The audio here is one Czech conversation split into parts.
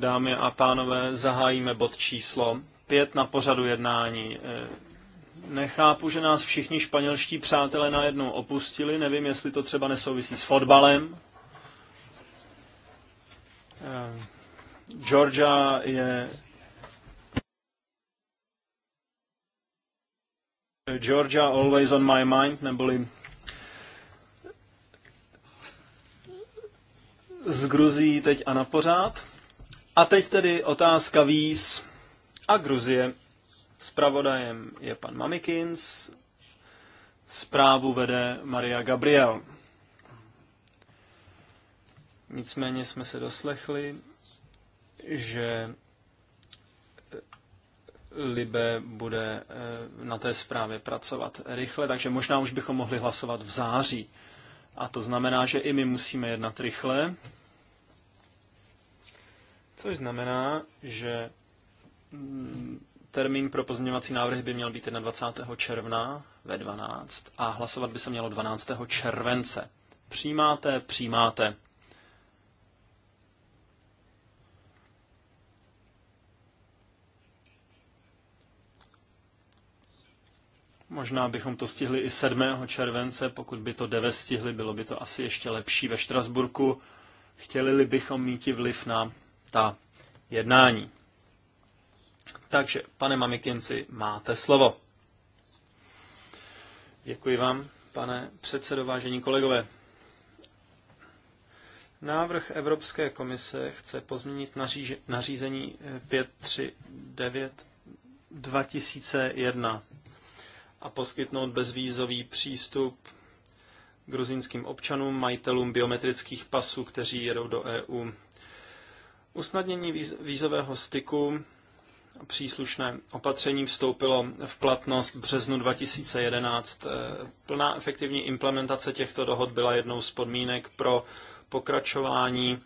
Dámy a pánové, zahájíme bod číslo pět na pořadu jednání. Eh, nechápu, že nás všichni španělští přátelé najednou opustili. Nevím, jestli to třeba nesouvisí s fotbalem. Eh, Georgia je Georgia always on my mind, neboli z Gruzií teď a na pořád. A teď tedy otázka víz a Gruzie. Spravodajem je pan Mamikins, zprávu vede Maria Gabriel. Nicméně jsme se doslechli, že Libe bude eh, na té zprávě pracovat rychle, takže možná už bychom mohli hlasovat v září. A to znamená, že i my musíme jednat rychle, což znamená, že mm, termín pro pozměňovací návrhy by měl být 21. června ve 12 a hlasovat by se mělo 12. července. Přijímáte, přijímáte. Možná bychom to stihli i 7. července, pokud by to deve stihli, bylo by to asi ještě lepší ve Štrasburku. Chtěli bychom mít vliv na ta jednání. Takže, pane Mamikinci, máte slovo. Děkuji vám, pane předsedo, vážení kolegové. Návrh Evropské komise chce pozměnit nařízení 539 eh, 2001 a poskytnout bezvízový přístup gruzínským občanům, majitelům biometrických pasů, kteří jedou do EU. Usnadnění vízového styku příslušné opatření vstoupilo v platnost v březnu 2011. E, plná efektivní implementace těchto dohod byla jednou z podmínek pro pokračování e,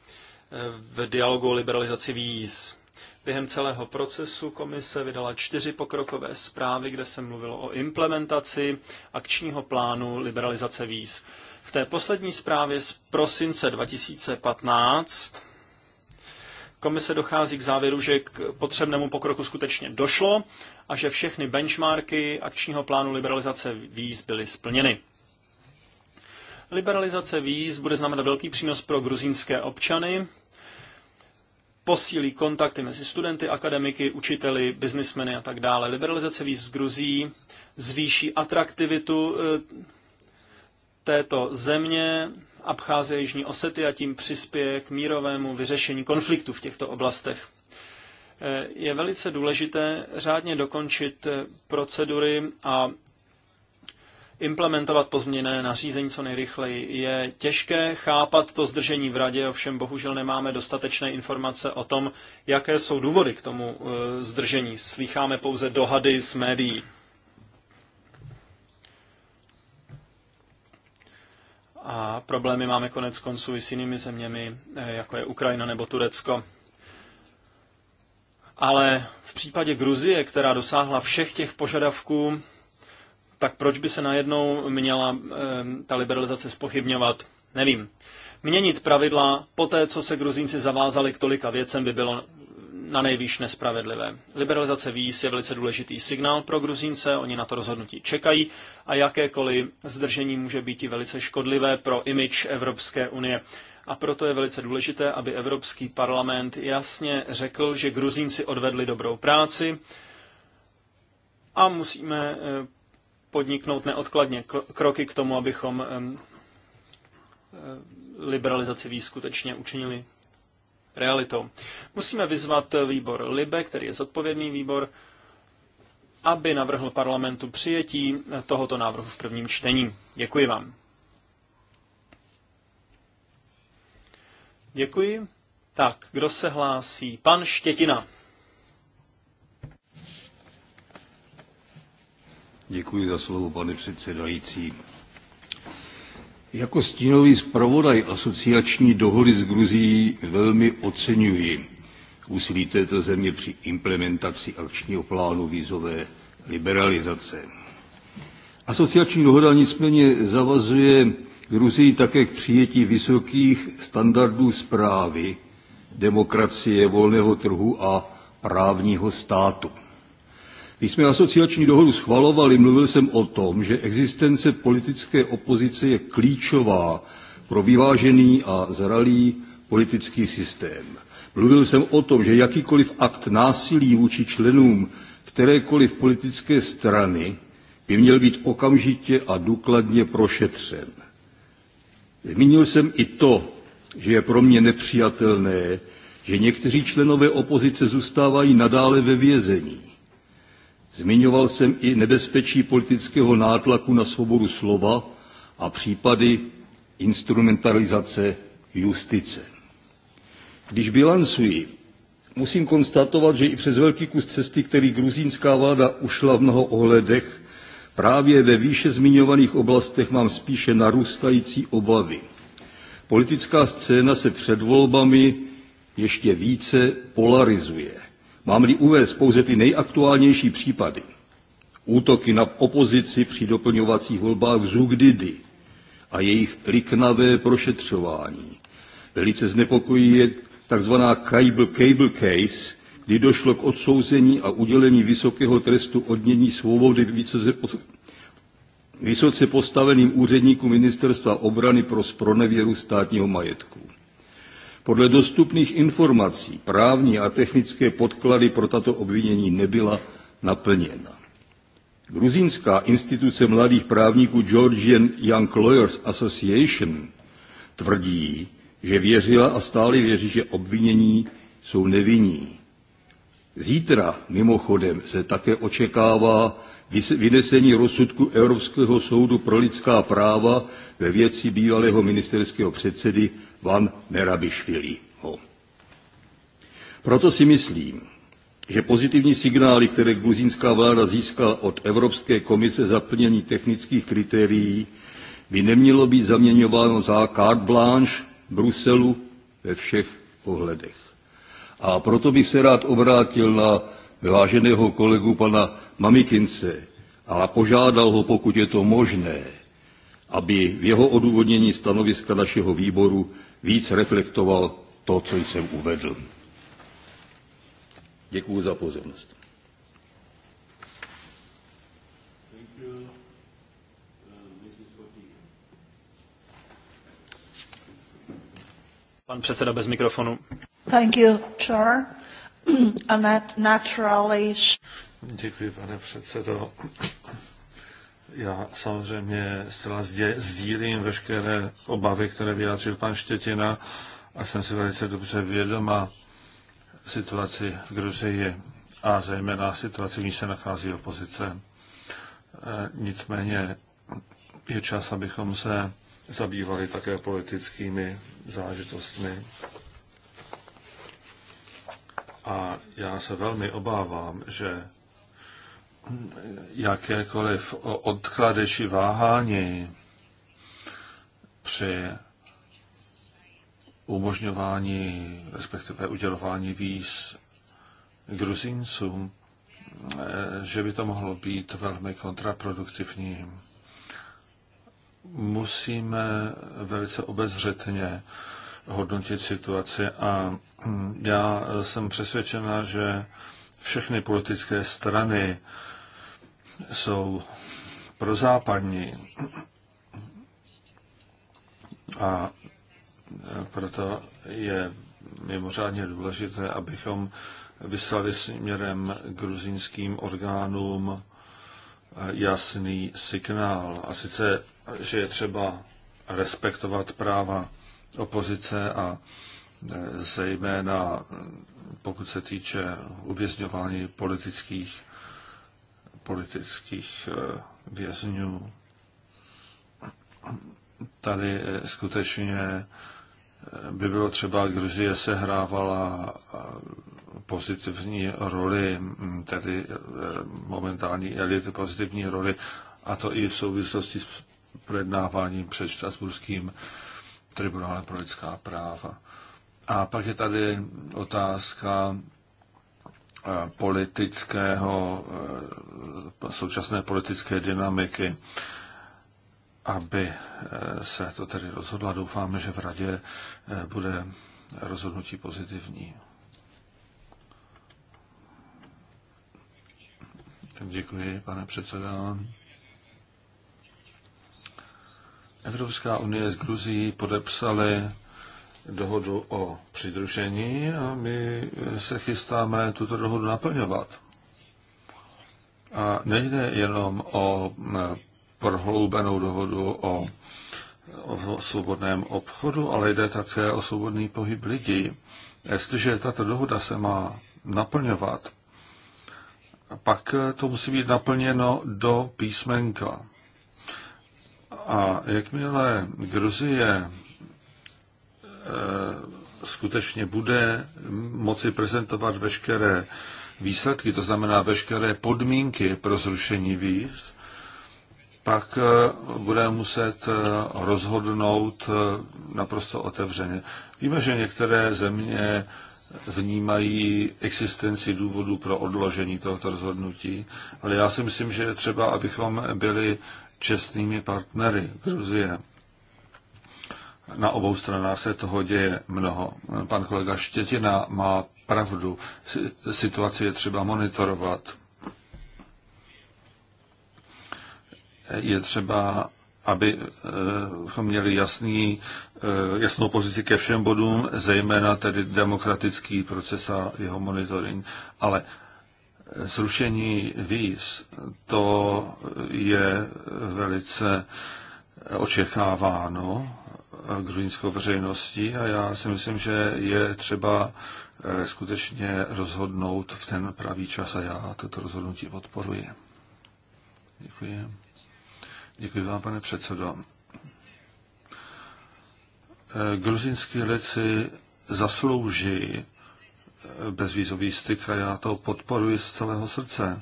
v dialogu o liberalizaci víz. Během celého procesu komise vydala čtyři pokrokové zprávy, kde se mluvilo o implementaci akčního plánu liberalizace víz. V té poslední zprávě z prosince 2015 komise dochází k závěru, že k potřebnému pokroku skutečně došlo a že všechny benchmarky akčního plánu liberalizace víz byly splněny. Liberalizace víz bude znamenat velký přínos pro gruzínské občany, posílí kontakty mezi studenty, akademiky, učiteli, biznismeny a tak dále. Liberalizace víz z Gruzí zvýší atraktivitu eh, této země, Abcházie Jižní Osety a tím přispěje k mírovému vyřešení konfliktu v těchto oblastech. Eh, je velice důležité řádně dokončit eh, procedury a implementovat pozměněné nařízení co nejrychleji. Je těžké chápat to zdržení v radě, ovšem bohužel nemáme dostatečné informace o tom, jaké jsou důvody k tomu eh, zdržení. Slycháme pouze dohady z médií. A problémy máme konec konců i s jinými zeměmi, eh, jako je Ukrajina nebo Turecko. Ale v případě Gruzie, která dosáhla všech těch požadavků, tak proč by se najednou měla eh, ta liberalizace spochybňovat? Nevím. Měnit pravidla po té, co se Gruzínci zavázali k tolika věcem, by bylo na nejvýš nespravedlivé. Liberalizace víz je velice důležitý signál pro Gruzínce, oni na to rozhodnutí čekají a jakékoliv zdržení může být i velice škodlivé pro imič Evropské unie. A proto je velice důležité, aby Evropský parlament jasně řekl, že Gruzínci odvedli dobrou práci a musíme eh, podniknout neodkladně kroky k tomu, abychom eh, liberalizaci víz skutečně učinili realitou. Musíme vyzvat výbor LIBE, který je zodpovědný výbor, aby navrhl parlamentu přijetí tohoto návrhu v prvním čtení. Děkuji vám. Děkuji. Tak, kdo se hlásí? Pan Štětina. Děkuji za slovo, pane předsedající. Jako stínový zpravodaj asociační dohody s Gruzií velmi oceňuji úsilí této země při implementaci akčního plánu vízové liberalizace. Asociační dohoda nicméně zavazuje Gruzii také k přijetí vysokých standardů zprávy, demokracie, volného trhu a právního státu. Když jsme asociační dohodu schvalovali, mluvil jsem o tom, že existence politické opozice je klíčová pro vyvážený a zralý politický systém. Mluvil jsem o tom, že jakýkoliv akt násilí vůči členům kterékoliv politické strany by měl být okamžitě a důkladně prošetřen. Zmínil jsem i to, že je pro mě nepřijatelné, že někteří členové opozice zůstávají nadále ve vězení. Zmiňoval jsem i nebezpečí politického nátlaku na svobodu slova a případy instrumentalizace justice. Když bilancuji, musím konstatovat, že i přes velký kus cesty, který gruzínská vláda ušla v mnoho ohledech, právě ve výše zmiňovaných oblastech mám spíše narůstající obavy. Politická scéna se před volbami ještě více polarizuje. Mám-li uvést pouze ty nejaktuálnější případy. Útoky na opozici při doplňovacích volbách v Zugdidy a jejich liknavé prošetřování. Velice znepokojí je tzv. Cable, cable case, kdy došlo k odsouzení a udělení vysokého trestu odnění svobody vysoce postaveným úředníkům ministerstva obrany pro spronevěru státního majetku. Podle dostupných informací právní a technické podklady pro tato obvinění nebyla naplněna. Gruzínská instituce mladých právníků Georgian Young Lawyers Association tvrdí, že věřila a stále věří, že obvinění jsou nevinní. Zítra mimochodem se také očekává vynesení rozsudku Evropského soudu pro lidská práva ve věci bývalého ministerského předsedy Van Merabišviliho. Proto si myslím, že pozitivní signály, které gruzínská vláda získala od Evropské komise za plnění technických kritérií, by nemělo být zaměňováno za carte blanche Bruselu ve všech ohledech. A proto bych se rád obrátil na váženého kolegu pana Mamikince a požádal ho, pokud je to možné, aby v jeho odůvodnění stanoviska našeho výboru víc reflektoval to, co jsem uvedl. Děkuji za pozornost. Pan předseda bez mikrofonu. Thank you, Chair. And that naturally... Děkuji, pane předsedo. Já samozřejmě zcela sdílím veškeré obavy, které vyjádřil pan Štětina a jsem si velice dobře vědoma situaci v Gruzii a zejména situaci, v níž se nachází opozice. E, nicméně je čas, abychom se zabývali také politickými zážitostmi. A já se velmi obávám, že jakékoliv odklady či váhání při umožňování, respektive udělování víz Gruzíncům, eh, že by to mohlo být velmi kontraproduktivní. Musíme velice obezřetně hodnotit situaci a já jsem přesvědčena, že všechny politické strany jsou prozápadní. A proto je mimořádně důležité, abychom vyslali směrem gruzínským orgánům jasný signál. A sice, že je třeba respektovat práva opozice a zejména pokud se týče uvězňování politických politických eh, vězňů. Tady eh, skutečně eh, by bylo třeba, Gruzie hrávala pozitivní roli, hm, tedy momentální elit pozitivní roli, a to i v souvislosti s projednáváním před Štrasburským tribunálem pro lidská práva. A pak je tady otázka politického, e, současné politické dynamiky, aby e, se to tedy rozhodla. Doufáme, že v radě e, bude rozhodnutí pozitivní. Děkuji, pane předseda. Evropská unie s Gruzií podepsaly dohodu o přidružení a my se chystáme tuto dohodu naplňovat. A nejde jenom o e, prohloubenou dohodu o, o svobodném obchodu, ale jde také o svobodný pohyb lidí. Jestliže tato dohoda se má naplňovat, pak to musí být naplněno do písmenka. A jakmile Gruzie Eh, skutečně bude moci prezentovat veškeré výsledky, to znamená veškeré podmínky pro zrušení víz, pak eh, bude muset eh, rozhodnout naprosto otevřeně. Víme, že některé země vnímají existenci důvodu pro odložení tohoto rozhodnutí, ale já si myslím, že je třeba, abychom byli čestnými partnery Gruzie na obou stranách se toho děje mnoho. Pan kolega Štětina má pravdu. Situaci je třeba monitorovat. Je třeba, aby eh, měli jasný, eh, jasnou pozici ke všem bodům, zejména tedy demokratický proces a jeho monitoring. Ale zrušení víz, to je velice očekáváno gruzínskou veřejností a já si myslím, že je třeba eh, skutečně rozhodnout v ten pravý čas a já toto rozhodnutí podporuji. Děkuji. Děkuji vám, pane předsedo. Eh, gruzínský lid si zaslouží eh, bezvýzový styk a já to podporuji z celého srdce.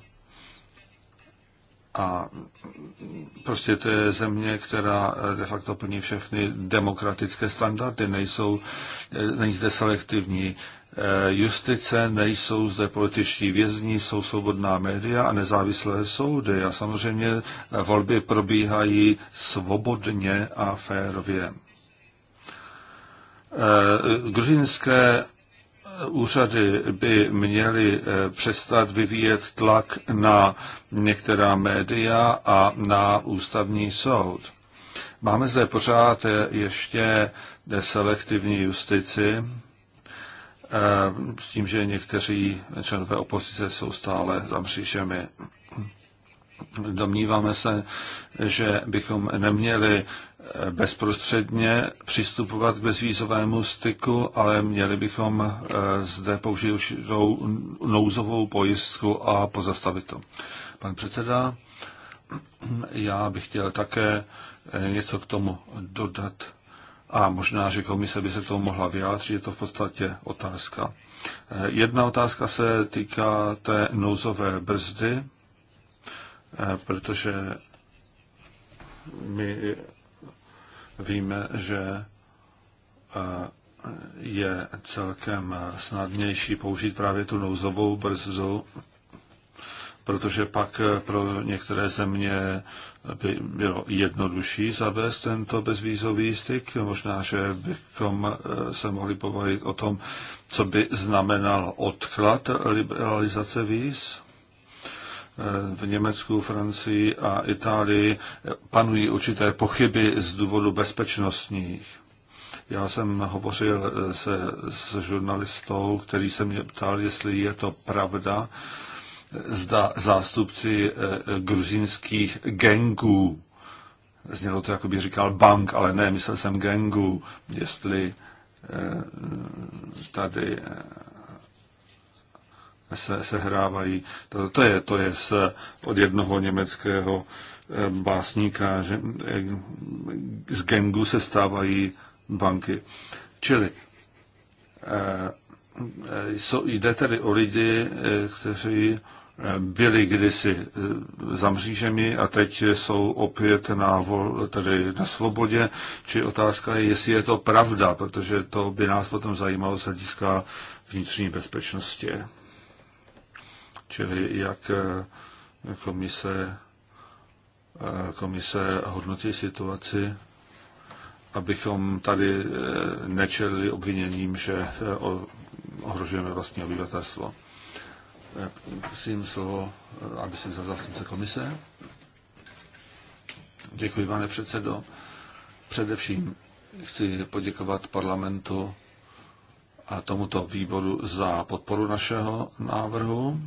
A prostě to je země, která de facto plní všechny demokratické standardy, nejsou, není zde selektivní eh, justice, nejsou zde političtí vězni, jsou svobodná média a nezávislé soudy. A samozřejmě volby probíhají svobodně a férově. Eh, gruzinské úřady by měly eh, přestat vyvíjet tlak na některá média a na ústavní soud. Máme zde pořád eh, ještě eh, selektivní justici, s tím, že někteří členové opozice jsou stále za mřížemi. Domníváme se, že bychom neměli bezprostředně přistupovat k bezvízovému styku, ale měli bychom eh, zde použít určitou nouzovou pojistku a pozastavit to. Pan předseda, já bych chtěl také eh, něco k tomu dodat a možná, že komise by se k tomu mohla vyjádřit, je to v podstatě otázka. Eh, jedna otázka se týká té nouzové brzdy, protože my Víme, že je celkem snadnější použít právě tu nouzovou brzdu, protože pak e, pro některé země by bylo jednodušší zavést tento bezvízový styk. Možná, že bychom e, se mohli povolit o tom, co by znamenal odklad liberalizace víz v Německu, Francii a Itálii panují určité pochyby z důvodu bezpečnostních. Já jsem hovořil se s žurnalistou, který se mě ptal, jestli je to pravda, zda zástupci eh, gruzínských gengů, znělo to, jako by říkal bank, ale ne, myslel jsem gengů, jestli eh, tady eh, se sehrávají. To, to, je, to je z, od jednoho německého eh, básníka, že eh, z gengu se stávají banky. Čili eh, jde tedy o lidi, kteří byli kdysi za mřížemi a teď jsou opět na, vol, tedy na svobodě, či otázka je, jestli je to pravda, protože to by nás potom zajímalo z hlediska vnitřní bezpečnosti čili jak eh, komise, eh, komise hodnotí situaci, abychom tady eh, nečelili obviněním, že ohrožujeme vlastní obyvatelstvo. Prosím slovo, aby si vzal zástupce komise. Děkuji, pane předsedo. Především chci poděkovat parlamentu a tomuto výboru za podporu našeho návrhu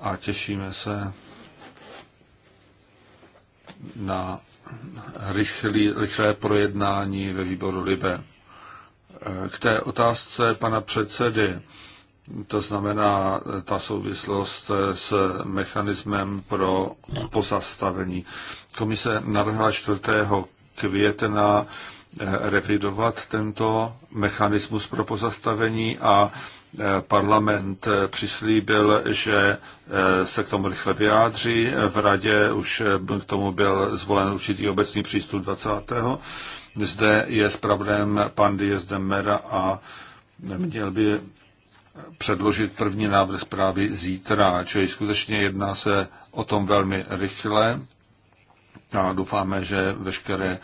a těšíme se na rychlý, rychlé projednání ve výboru Libe. K té otázce pana předsedy, to znamená ta souvislost s mechanismem pro pozastavení. Komise navrhla 4. května revidovat tento mechanismus pro pozastavení a Parlament přislíbil, že eh, se k tomu rychle vyjádří. V radě už eh, k tomu byl zvolen určitý obecný přístup 20. Zde je zpravdem pan Diaz de Mera a měl by předložit první návrh zprávy zítra, čili skutečně jedná se o tom velmi rychle a doufáme, že veškeré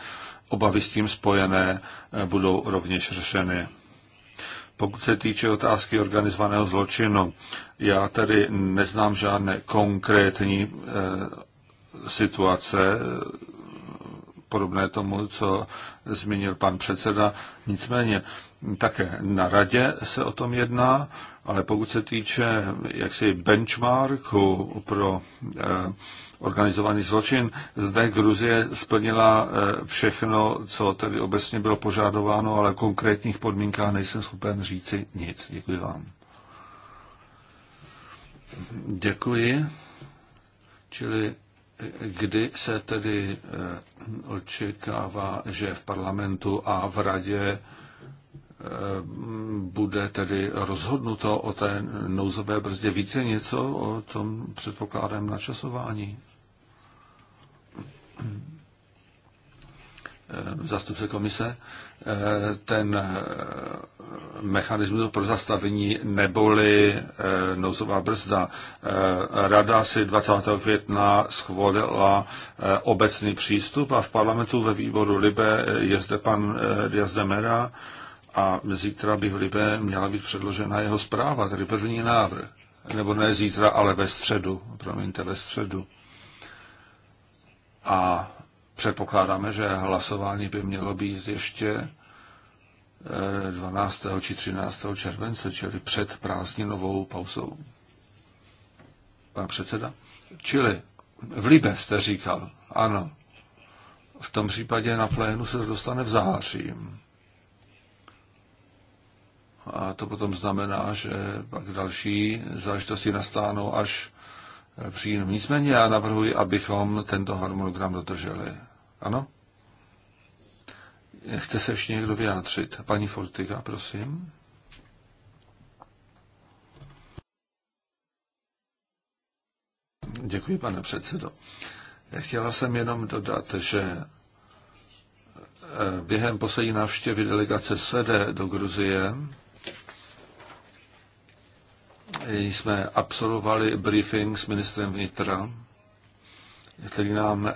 obavy s tím spojené eh, budou rovněž řešeny. Pokud se týče otázky organizovaného zločinu, já tady neznám žádné konkrétní eh, situace podobné tomu, co zmínil pan předseda. Nicméně také na radě se o tom jedná, ale pokud se týče jaksi benchmarku pro eh, organizovaný zločin. Zde Gruzie splnila eh, všechno, co tedy obecně bylo požádováno, ale o konkrétních podmínkách nejsem schopen říci nic. Děkuji vám. Děkuji. Čili eh, kdy se tedy eh, očekává, že v parlamentu a v radě bude tedy rozhodnuto o té nouzové brzdě. Víte něco o tom předpokládám načasování? Eh, zastupce komise, eh, ten eh, mechanismus pro zastavení neboli nouzová brzda. Rada si 20. května schválila obecný přístup a v parlamentu ve výboru Libe je zde pan Diaz de Mera a zítra by v Libe měla být předložena jeho zpráva, tedy první návrh. Nebo ne zítra, ale ve středu, promiňte, ve středu a předpokládáme, že hlasování by mělo být ještě 12. Eh, či 13. července, čili před prázdninovou pauzou. Pan předseda? Čili v Libe jste říkal, ano. V tom případě na plénu se dostane v září. A to potom znamená, že pak další záležitosti nastánou až v říjnu. Nicméně já navrhuji, abychom tento harmonogram dodrželi. Ano? Chce se ještě někdo vyjádřit? Paní Fortiga, prosím. Děkuji, pane předsedo. Já chtěla jsem jenom dodat, že eh, během poslední návštěvy delegace SEDE e do Gruzie jsme absolvovali briefing s ministrem vnitra, který nám eh,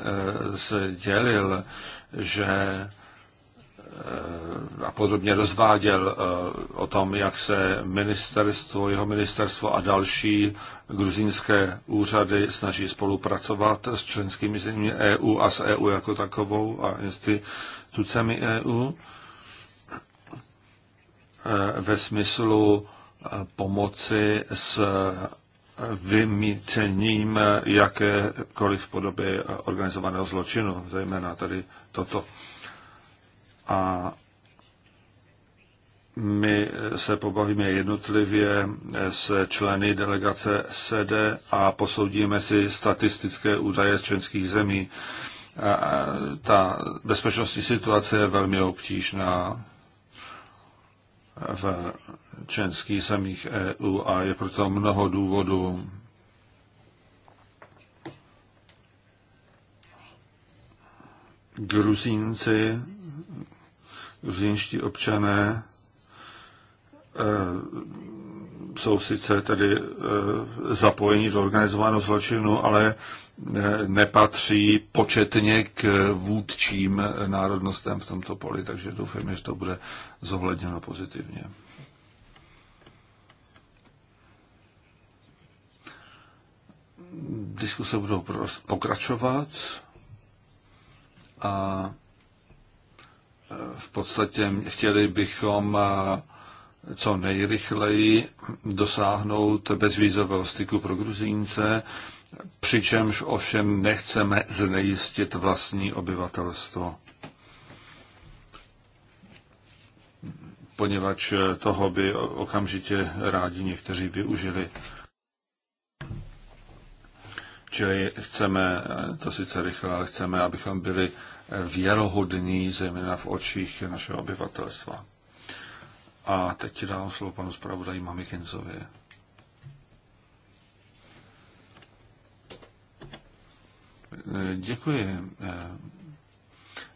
sdělil, že eh, a podrobně rozváděl eh, o tom, jak se ministerstvo, jeho ministerstvo a další gruzínské úřady snaží spolupracovat s členskými zeměmi EU a s EU jako takovou a institucemi EU ve smyslu pomoci s vymícením jakékoliv podoby organizovaného zločinu, zejména tady toto. A my se pobavíme jednotlivě s členy delegace SEDE a posoudíme si statistické údaje z členských zemí. Ta bezpečnostní situace je velmi obtížná v členských zemích EU a je proto mnoho důvodů. Gruzínci, gruzínští občané e, jsou sice tedy e, zapojeni do organizovaného zločinu, ale e, nepatří početně k vůdčím národnostem v tomto poli, takže doufejme, že to bude zohledněno pozitivně. Diskuse budou pokračovat a eh, v podstatě chtěli bychom eh, co nejrychleji dosáhnout bezvízového styku pro Gruzínce, přičemž ovšem nechceme znejistit vlastní obyvatelstvo. Poněvadž toho by okamžitě rádi někteří využili. Čili chceme, eh, to sice rychle, ale chceme, abychom byli eh, věrohodní, zejména v očích našeho obyvatelstva. A teď ti dám slovo panu zpravodaji Kinzovi. Eh, děkuji.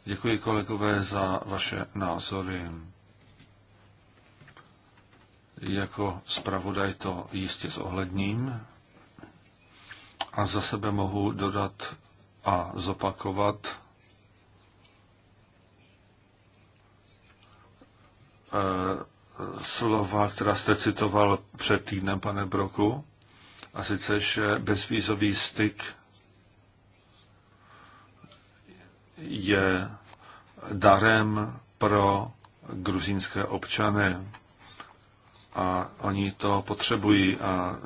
Děkuji kolegové za vaše názory. Jako zpravodaj to jistě zohledním. A za sebe mohu dodat a zopakovat, eh, slova, která jste citoval před týdnem, pane Broku, a sice, že bezvýzový styk je darem pro gruzínské občany a oni to potřebují a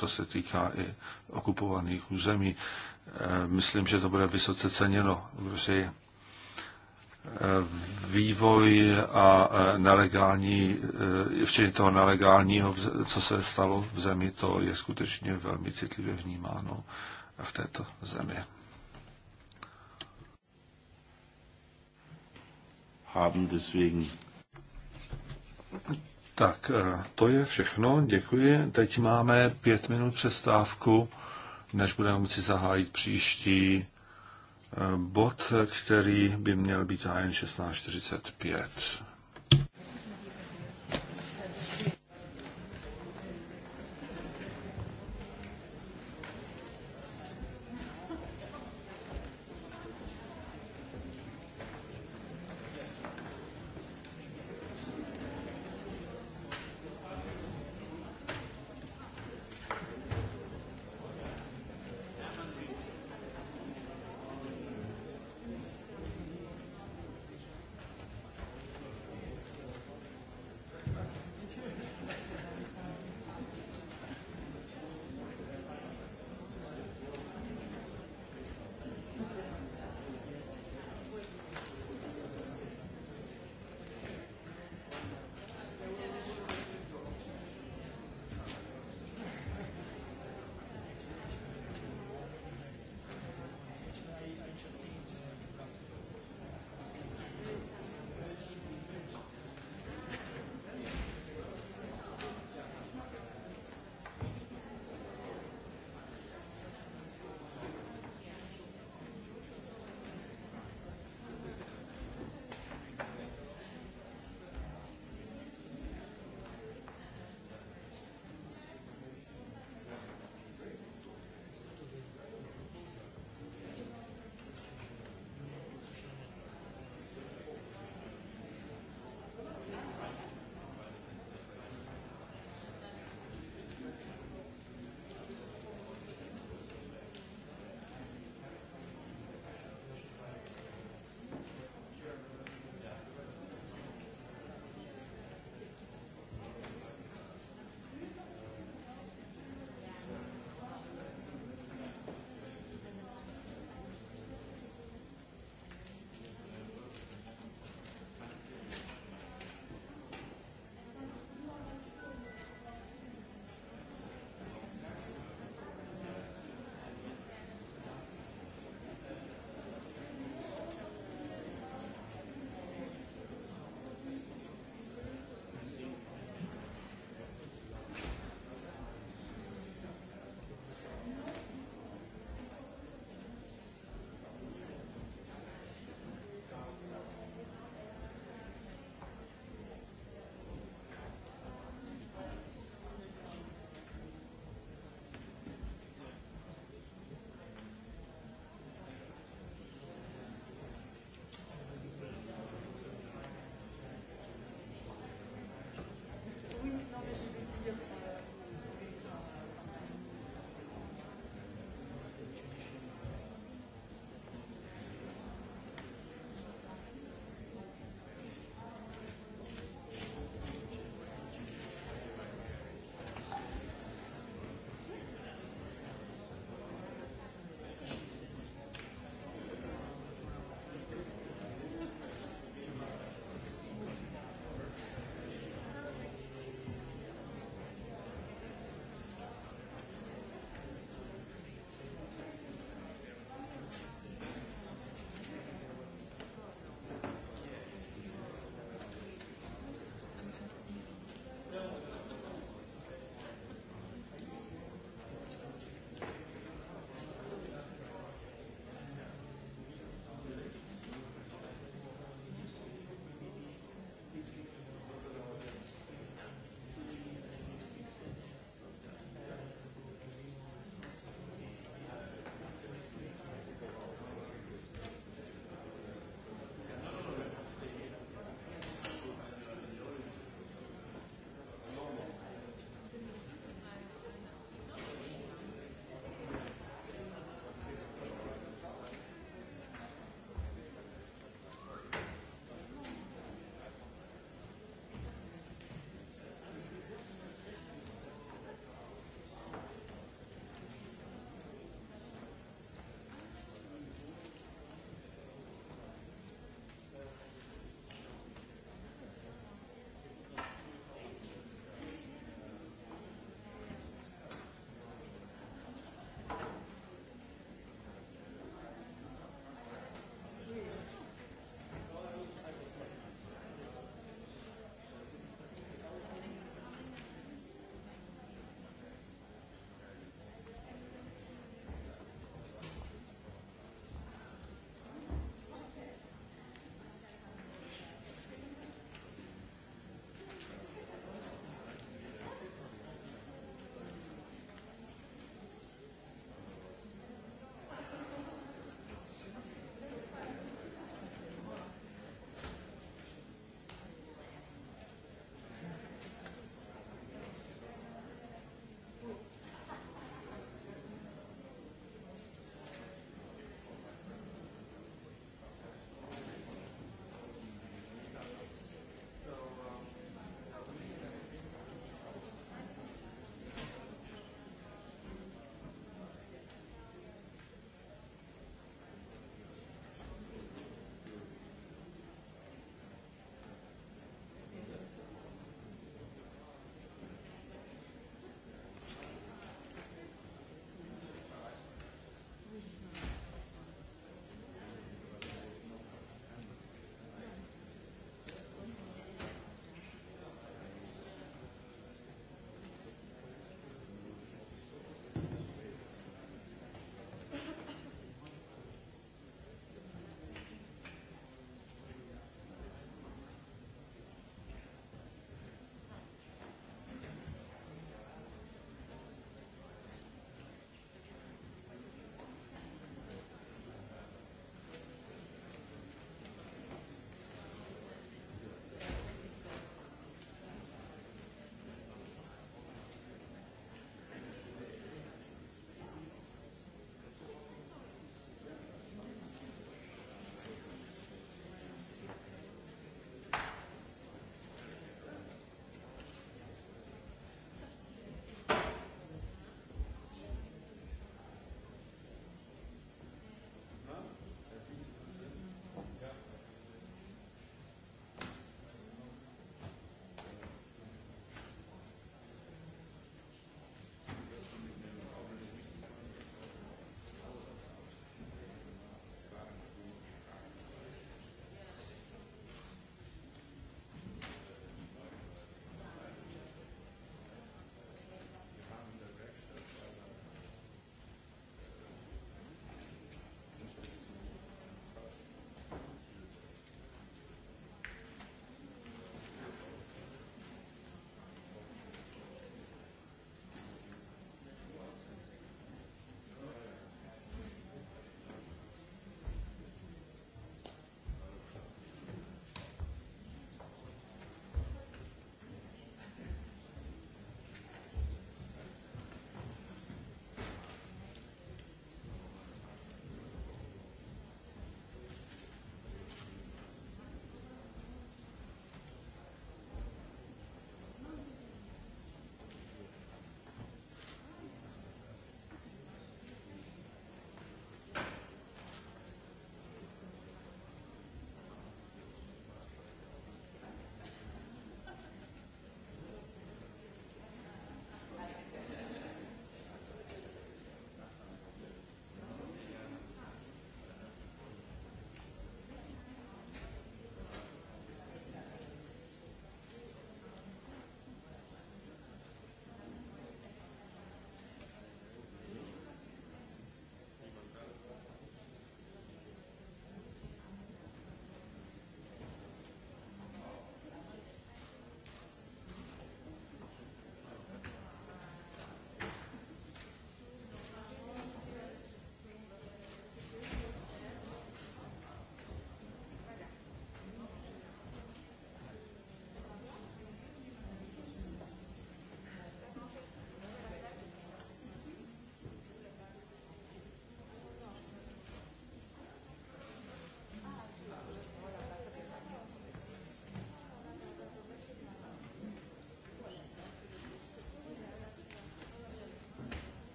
to se týká i okupovaných území. Eh, myslím, že to bude vysoce ceněno v Rusii. Eh, vývoj a eh, nelegální, včetně toho nelegálního, co se stalo v zemi, to je skutečně velmi citlivě vnímáno v této zemi. Haben deswegen tak, eh, to je všechno, děkuji. Teď máme pět minut přestávku, než budeme moci zahájit příští eh, bod, který by měl být zahájen 16.45.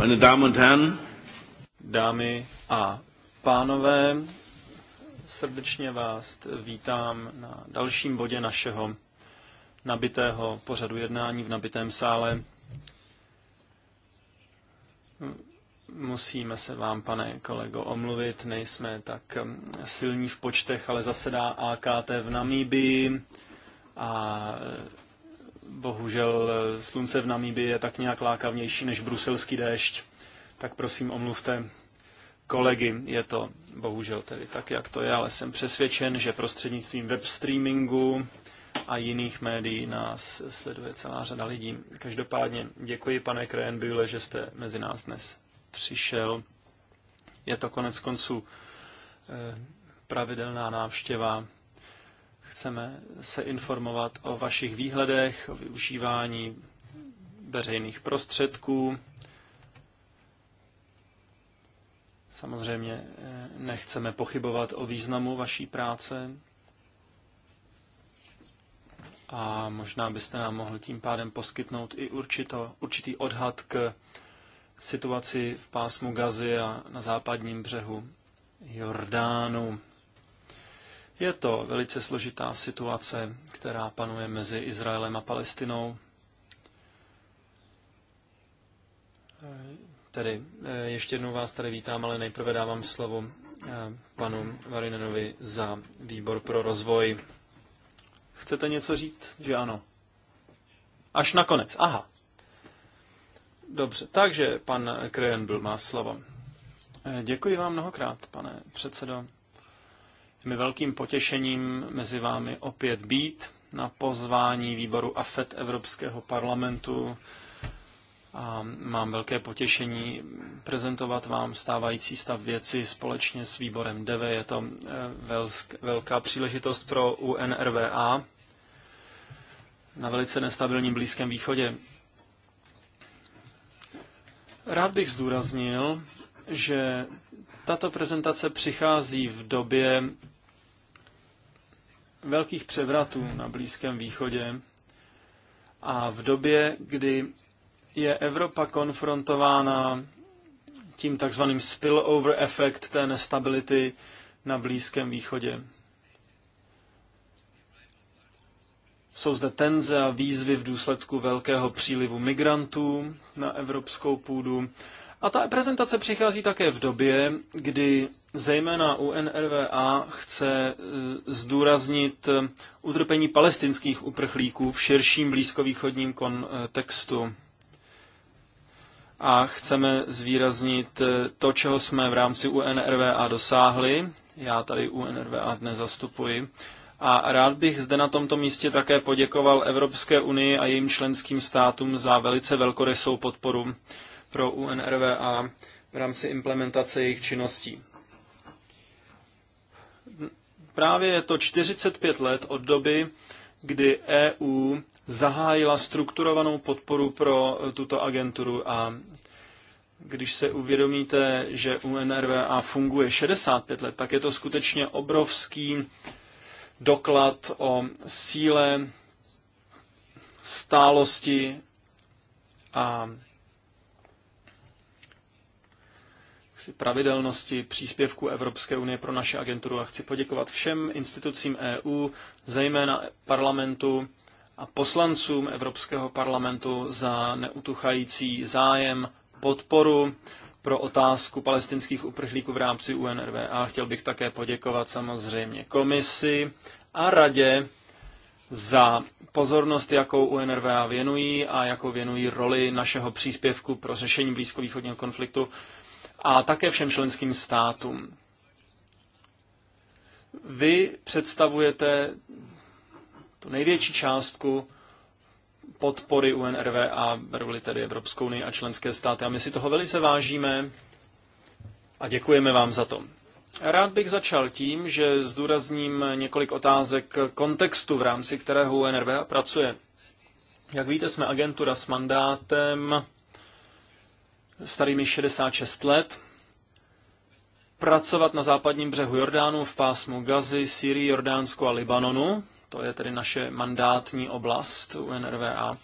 Meine Damen und Herren. Dámy a pánové, srdečně vás vítám na dalším bodě našeho nabitého pořadu jednání v nabitém sále. Musíme se vám, pane kolego, omluvit. Nejsme tak silní v počtech, ale zasedá AKT v Namíbii a Bohužel eh, slunce v Namíbi je tak nějak lákavnější než bruselský déšť, tak prosím omluvte kolegy. Je to bohužel tedy tak, jak to je, ale jsem přesvědčen, že prostřednictvím web streamingu a jiných médií nás sleduje celá řada lidí. Každopádně děkuji, pane Krenbüle, že jste mezi nás dnes přišel. Je to konec konců eh, pravidelná návštěva Chceme se informovat o vašich výhledech, o využívání veřejných prostředků. Samozřejmě eh, nechceme pochybovat o významu vaší práce. A možná byste nám mohli tím pádem poskytnout i určito, určitý odhad k situaci v pásmu Gazy a na západním břehu Jordánu. Je to velice složitá situace, která panuje mezi Izraelem a Palestinou. Eh, tedy eh, ještě jednou vás tady vítám, ale nejprve dávám slovo eh, panu Varinenovi za výbor pro rozvoj. Chcete něco říct, že ano? Až nakonec, aha. Dobře, takže pan byl má slovo. Děkuji vám mnohokrát, pane předsedo mi velkým potěšením mezi vámi opět být na pozvání výboru AFET Evropského parlamentu a mám velké potěšení prezentovat vám stávající stav věci společně s výborem DEVE. Je to eh, velká příležitost pro UNRWA na velice nestabilním Blízkém východě. Rád bych zdůraznil, že tato prezentace přichází v době velkých převratů na Blízkém východě a v době, kdy je Evropa konfrontována tím takzvaným spillover efekt té nestability na Blízkém východě. Jsou zde tenze a výzvy v důsledku velkého přílivu migrantů na evropskou půdu a ta prezentace přichází také v době, kdy zejména UNRWA chce e, zdůraznit e, utrpení palestinských uprchlíků v širším blízkovýchodním kontextu. A chceme zvýraznit e, to, čeho jsme v rámci UNRWA dosáhli. Já tady UNRWA dnes zastupuji. A rád bych zde na tomto místě také poděkoval Evropské unii a jejím členským státům za velice velkorysou podporu pro UNRWA v rámci implementace jejich činností. Právě je to 45 let od doby, kdy EU zahájila strukturovanou podporu pro tuto agenturu a když se uvědomíte, že UNRWA funguje 65 let, tak je to skutečně obrovský doklad o síle, stálosti a jaksi pravidelnosti příspěvku Evropské unie pro naše agenturu a chci poděkovat všem institucím EU, zejména parlamentu a poslancům Evropského parlamentu za neutuchající zájem, podporu pro otázku palestinských uprchlíků v rámci UNRWA. Chtěl bych také poděkovat samozřejmě komisi a radě za pozornost, jakou UNRWA věnují a jakou věnují roli našeho příspěvku pro řešení blízkovýchodního konfliktu a také všem členským státům. Vy představujete tu největší částku podpory UNRWA, Beruli tedy Evropskou unii a členské státy. A my si toho velice vážíme a děkujeme vám za to. Rád bych začal tím, že zdůrazním několik otázek kontextu, v rámci kterého UNRWA pracuje. Jak víte, jsme agentura s mandátem starými 66 let, pracovat na západním břehu Jordánu v pásmu Gazy, Syrii, Jordánsku a Libanonu. To je tedy naše mandátní oblast UNRWA.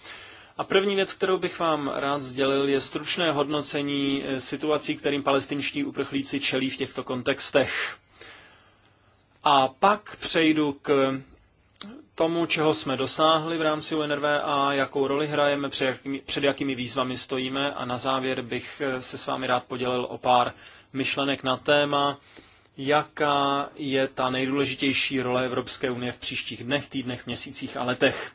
A první věc, kterou bych vám rád sdělil, je stručné hodnocení eh, situací, kterým palestinští uprchlíci čelí v těchto kontextech. A pak přejdu k tomu, čeho jsme dosáhli v rámci UNRV a jakou roli hrajeme, před jakými, před jakými výzvami stojíme. A na závěr bych eh, se s vámi rád podělil o pár myšlenek na téma, jaká je ta nejdůležitější role Evropské unie v příštích dnech, týdnech, měsících a letech.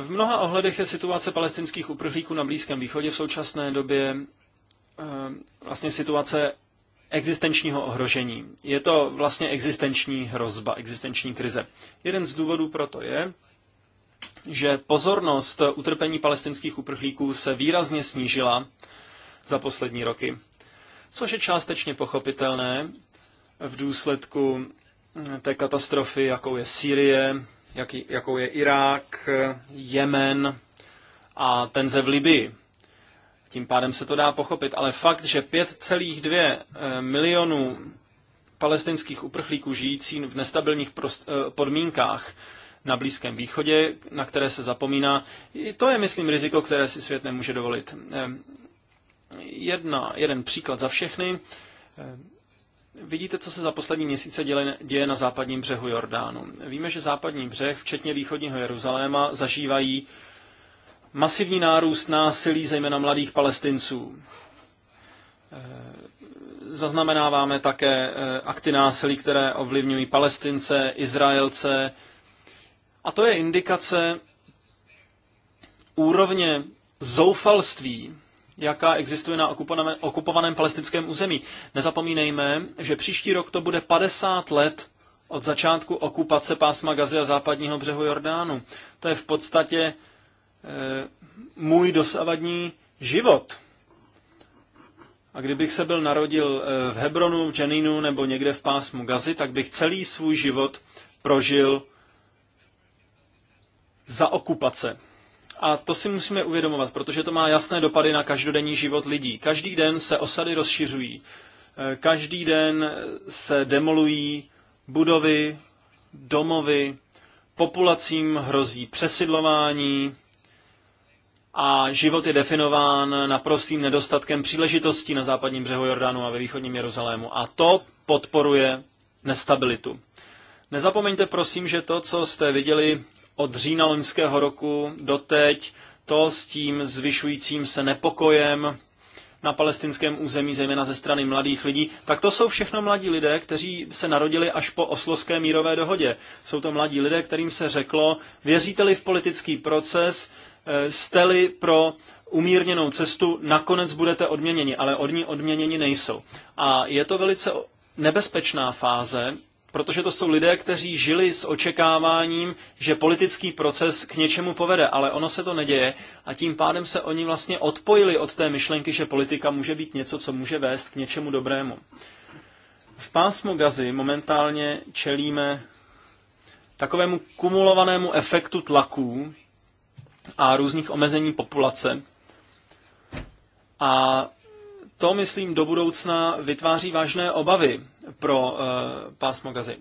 V mnoha ohledech je situace palestinských uprchlíků na Blízkém východě v současné době eh, vlastně situace existenčního ohrožení. Je to vlastně existenční hrozba, existenční krize. Jeden z důvodů proto je, že pozornost utrpení palestinských uprchlíků se výrazně snížila za poslední roky, což je částečně pochopitelné v důsledku té katastrofy, jakou je Sýrie, jaký, jakou je Irák, Jemen a tenze v Libii. Tím pádem se to dá pochopit, ale fakt, že 5,2 eh, milionů palestinských uprchlíků žijící v nestabilních eh, podmínkách na Blízkém východě, na které se zapomíná, to je, myslím, riziko, které si svět nemůže dovolit. Eh, jedna, jeden příklad za všechny. Vidíte, co se za poslední měsíce děle, děje na západním břehu Jordánu. Víme, že západní břeh, včetně východního Jeruzaléma, zažívají masivní nárůst násilí, zejména mladých palestinců. Eh, zaznamenáváme také eh, akty násilí, které ovlivňují palestince, Izraelce. A to je indikace úrovně zoufalství, jaká existuje na okupovaném palestinském území. Nezapomínejme, že příští rok to bude 50 let od začátku okupace pásma Gazy a západního břehu Jordánu. To je v podstatě Eh, můj dosavadní život. A kdybych se byl narodil eh, v Hebronu, v Janinu nebo někde v pásmu Gazy, tak bych celý svůj život prožil za okupace. A to si musíme uvědomovat, protože to má jasné dopady na každodenní život lidí. Každý den se osady rozšiřují, eh, každý den se demolují budovy, domovy, populacím hrozí přesidlování, a život je definován naprostým nedostatkem příležitostí na západním břehu Jordánu a ve východním Jeruzalému. A to podporuje nestabilitu. Nezapomeňte prosím, že to, co jste viděli od října loňského roku do teď, to s tím zvyšujícím se nepokojem, na palestinském území, zejména ze strany mladých lidí, tak to jsou všechno mladí lidé, kteří se narodili až po oslovské mírové dohodě. Jsou to mladí lidé, kterým se řeklo, věříte-li v politický proces, eh, jste-li pro umírněnou cestu, nakonec budete odměněni, ale ní odměněni nejsou. A je to velice nebezpečná fáze, protože to jsou lidé, kteří žili s očekáváním, že politický proces k něčemu povede, ale ono se to neděje a tím pádem se oni vlastně odpojili od té myšlenky, že politika může být něco, co může vést k něčemu dobrému. V pásmu gazy momentálně čelíme takovému kumulovanému efektu tlaků a různých omezení populace. A to, myslím, do budoucna vytváří vážné obavy pro eh, pásmo Gazy.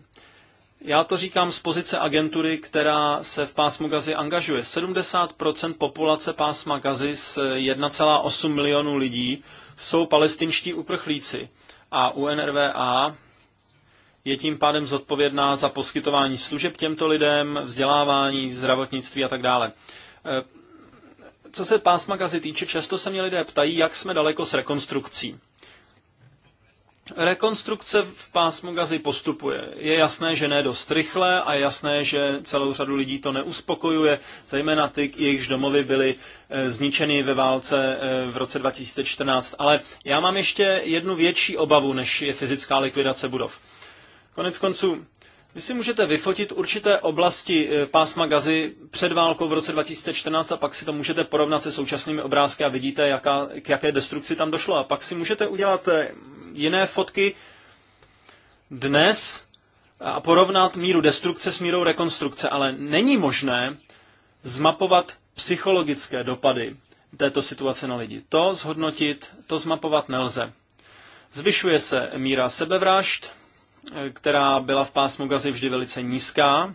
Já to říkám z pozice agentury, která se v pásmu Gazy angažuje. 70% populace pásma Gazy z 1,8 milionů lidí jsou palestinští uprchlíci a UNRWA je tím pádem zodpovědná za poskytování služeb těmto lidem, vzdělávání, zdravotnictví a tak dále. Eh, co se pásma Gazy týče, často se mě lidé ptají, jak jsme daleko s rekonstrukcí. Rekonstrukce v pásmu gazy postupuje. Je jasné, že ne dost rychle a je jasné, že celou řadu lidí to neuspokojuje, zejména ty, jejichž domovy byly eh, zničeny ve válce eh, v roce 2014. Ale já mám ještě jednu větší obavu, než je fyzická likvidace budov. Konec konců, vy si můžete vyfotit určité oblasti eh, pásma gazy před válkou v roce 2014 a pak si to můžete porovnat se současnými obrázky a vidíte, jaká, k jaké destrukci tam došlo. A pak si můžete udělat eh, jiné fotky dnes a porovnat míru destrukce s mírou rekonstrukce. Ale není možné zmapovat psychologické dopady této situace na lidi. To zhodnotit, to zmapovat nelze. Zvyšuje se míra sebevražd, která byla v pásmu gazy vždy velice nízká,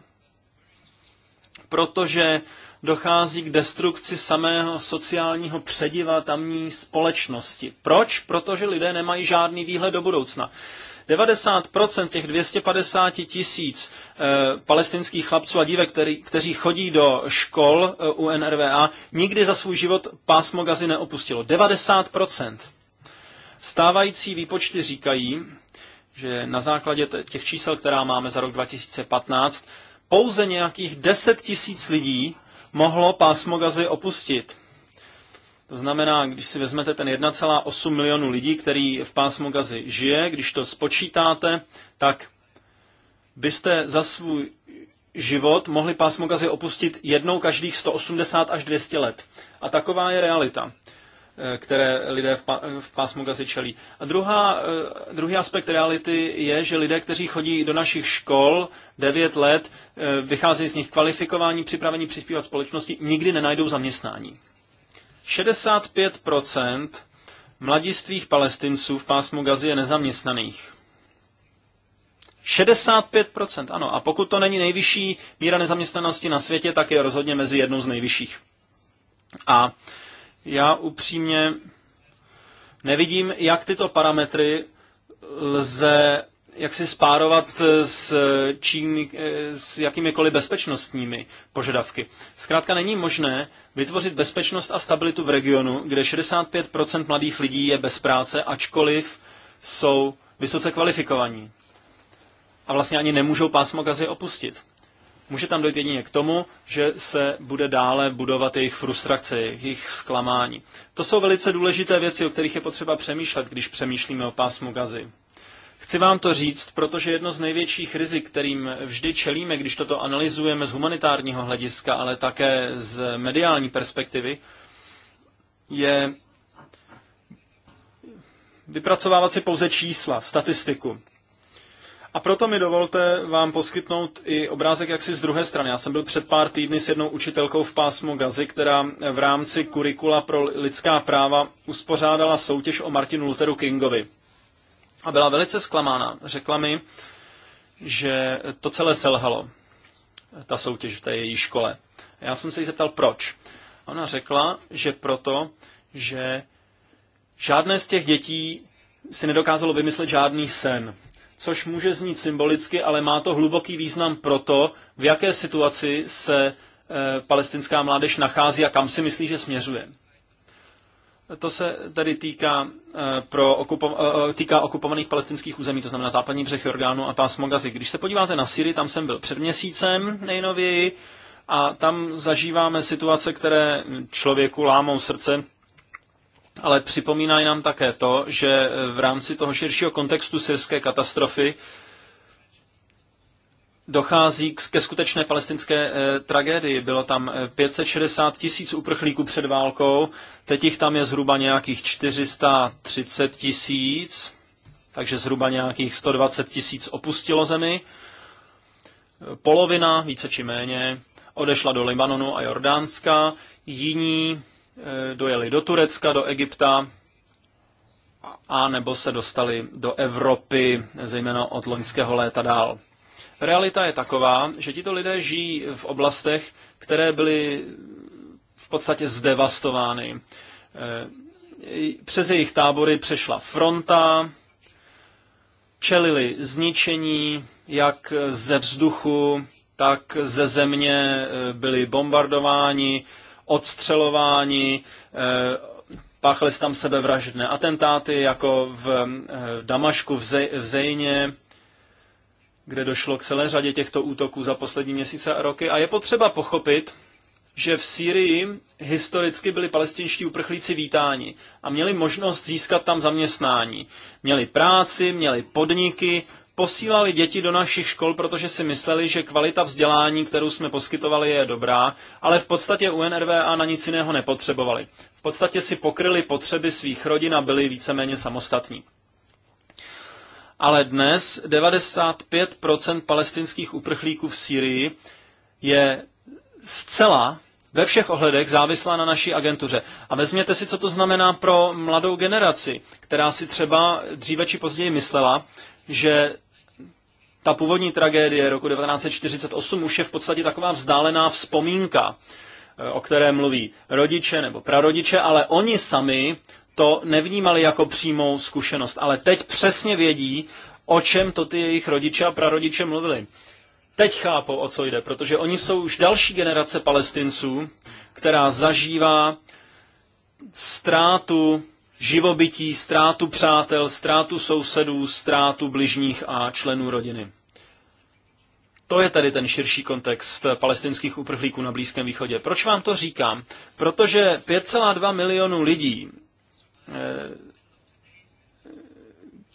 protože dochází k destrukci samého sociálního přediva tamní společnosti. Proč? Protože lidé nemají žádný výhled do budoucna. 90% těch 250 tisíc e, palestinských chlapců a dívek, který, kteří chodí do škol e, eh, UNRWA, nikdy za svůj život pásmo gazy neopustilo. 90%. Stávající výpočty říkají, že na základě těch čísel, která máme za rok 2015, pouze nějakých 10 tisíc lidí mohlo pásmo gazy opustit. To znamená, když si vezmete ten 1,8 milionu lidí, který v pásmu gazy žije, když to spočítáte, tak byste za svůj život mohli pásmo gazy opustit jednou každých 180 až 200 let. A taková je realita. Eh, které lidé v, v pásmu gazy čelí. A druhá, eh, druhý aspekt reality je, že lidé, kteří chodí do našich škol 9 let, eh, vycházejí z nich kvalifikování, připravení přispívat společnosti, nikdy nenajdou zaměstnání. 65 mladistvých palestinců v pásmu gazy je nezaměstnaných. 65%, ano. A pokud to není nejvyšší míra nezaměstnanosti na světě, tak je rozhodně mezi jednou z nejvyšších. A já upřímně nevidím, jak tyto parametry lze jak si spárovat s, čím, s jakýmikoliv bezpečnostními požadavky. Zkrátka není možné vytvořit bezpečnost a stabilitu v regionu, kde 65% mladých lidí je bez práce, ačkoliv jsou vysoce kvalifikovaní. A vlastně ani nemůžou pásmo gazy opustit. Může tam dojít jedině k tomu, že se bude dále budovat jejich frustrace, jejich zklamání. To jsou velice důležité věci, o kterých je potřeba přemýšlet, když přemýšlíme o pásmu gazy. Chci vám to říct, protože jedno z největších rizik, kterým vždy čelíme, když toto analyzujeme z humanitárního hlediska, ale také z mediální perspektivy, je vypracovávat si pouze čísla, statistiku. A proto mi dovolte vám poskytnout i obrázek jaksi z druhé strany. Já jsem byl před pár týdny s jednou učitelkou v pásmu Gazy, která v rámci kurikula pro lidská práva uspořádala soutěž o Martinu Lutheru Kingovi. A byla velice zklamána. Řekla mi, že to celé selhalo, ta soutěž v té její škole. A já jsem se jí zeptal, proč. A ona řekla, že proto, že žádné z těch dětí si nedokázalo vymyslet žádný sen což může znít symbolicky, ale má to hluboký význam pro to, v jaké situaci se eh, palestinská mládež nachází a kam si myslí, že směřuje. To se tedy týká, eh, pro okupo, eh, týká okupovaných palestinských území, to znamená západní břeh Jordánu a pásmo Gazy. Když se podíváte na Syrii, tam jsem byl před měsícem nejnověji a tam zažíváme situace, které člověku lámou srdce, ale připomínají nám také to, že v rámci toho širšího kontextu syrské katastrofy dochází ke skutečné palestinské e, tragédii. Bylo tam 560 eh, tisíc uprchlíků před válkou, teď jich tam je zhruba nějakých 430 tisíc, takže zhruba nějakých 120 tisíc opustilo zemi. Polovina, více či méně, odešla do Libanonu a Jordánska, jiní Eh, dojeli do Turecka, do Egypta, a nebo se dostali do Evropy, zejména od loňského léta dál. Realita je taková, že tito lidé žijí v oblastech, které byly v podstatě zdevastovány. Eh, přes jejich tábory přešla fronta, čelili zničení, jak ze vzduchu, tak ze země eh, byli bombardováni, Odstřelování, eh, páchaly se tam sebevražedné atentáty, jako v eh, Damašku, v, v Zejně, kde došlo k celé řadě těchto útoků za poslední měsíce a roky. A je potřeba pochopit, že v Sýrii historicky byli palestinští uprchlíci vítáni a měli možnost získat tam zaměstnání. Měli práci, měli podniky, posílali děti do našich škol, protože si mysleli, že kvalita vzdělání, kterou jsme poskytovali, je dobrá, ale v podstatě UNRWA na nic jiného nepotřebovali. V podstatě si pokryli potřeby svých rodin a byli víceméně samostatní. Ale dnes 95% palestinských uprchlíků v Sýrii je zcela ve všech ohledech závislá na naší agentuře. A vezměte si, co to znamená pro mladou generaci, která si třeba dříve či později myslela, že ta původní tragédie roku 1948 už je v podstatě taková vzdálená vzpomínka, eh, o které mluví rodiče nebo prarodiče, ale oni sami to nevnímali jako přímou zkušenost, ale teď přesně vědí, o čem to ty jejich rodiče a prarodiče mluvili. Teď chápou, o co jde, protože oni jsou už další generace palestinců, která zažívá ztrátu živobytí, ztrátu přátel, ztrátu sousedů, ztrátu bližních a členů rodiny. To je tady ten širší kontext palestinských uprchlíků na Blízkém východě. Proč vám to říkám? Protože 5,2 milionu lidí, eh,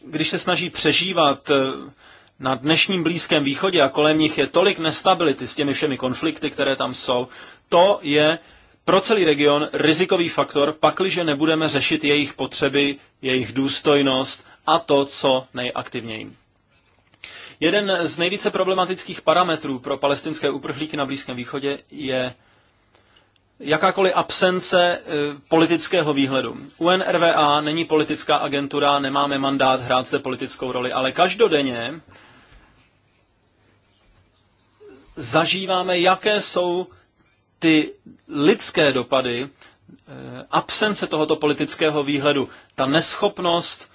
když se snaží přežívat eh, na dnešním Blízkém východě a kolem nich je tolik nestability s těmi všemi konflikty, které tam jsou, to je pro celý region rizikový faktor, pakliže nebudeme řešit jejich potřeby, jejich důstojnost a to, co nejaktivněji. Jeden z nejvíce problematických parametrů pro palestinské uprchlíky na Blízkém východě je jakákoliv absence e, politického výhledu. UNRWA není politická agentura, nemáme mandát hrát zde politickou roli, ale každodenně zažíváme, jaké jsou ty lidské dopady, eh, absence tohoto politického výhledu, ta neschopnost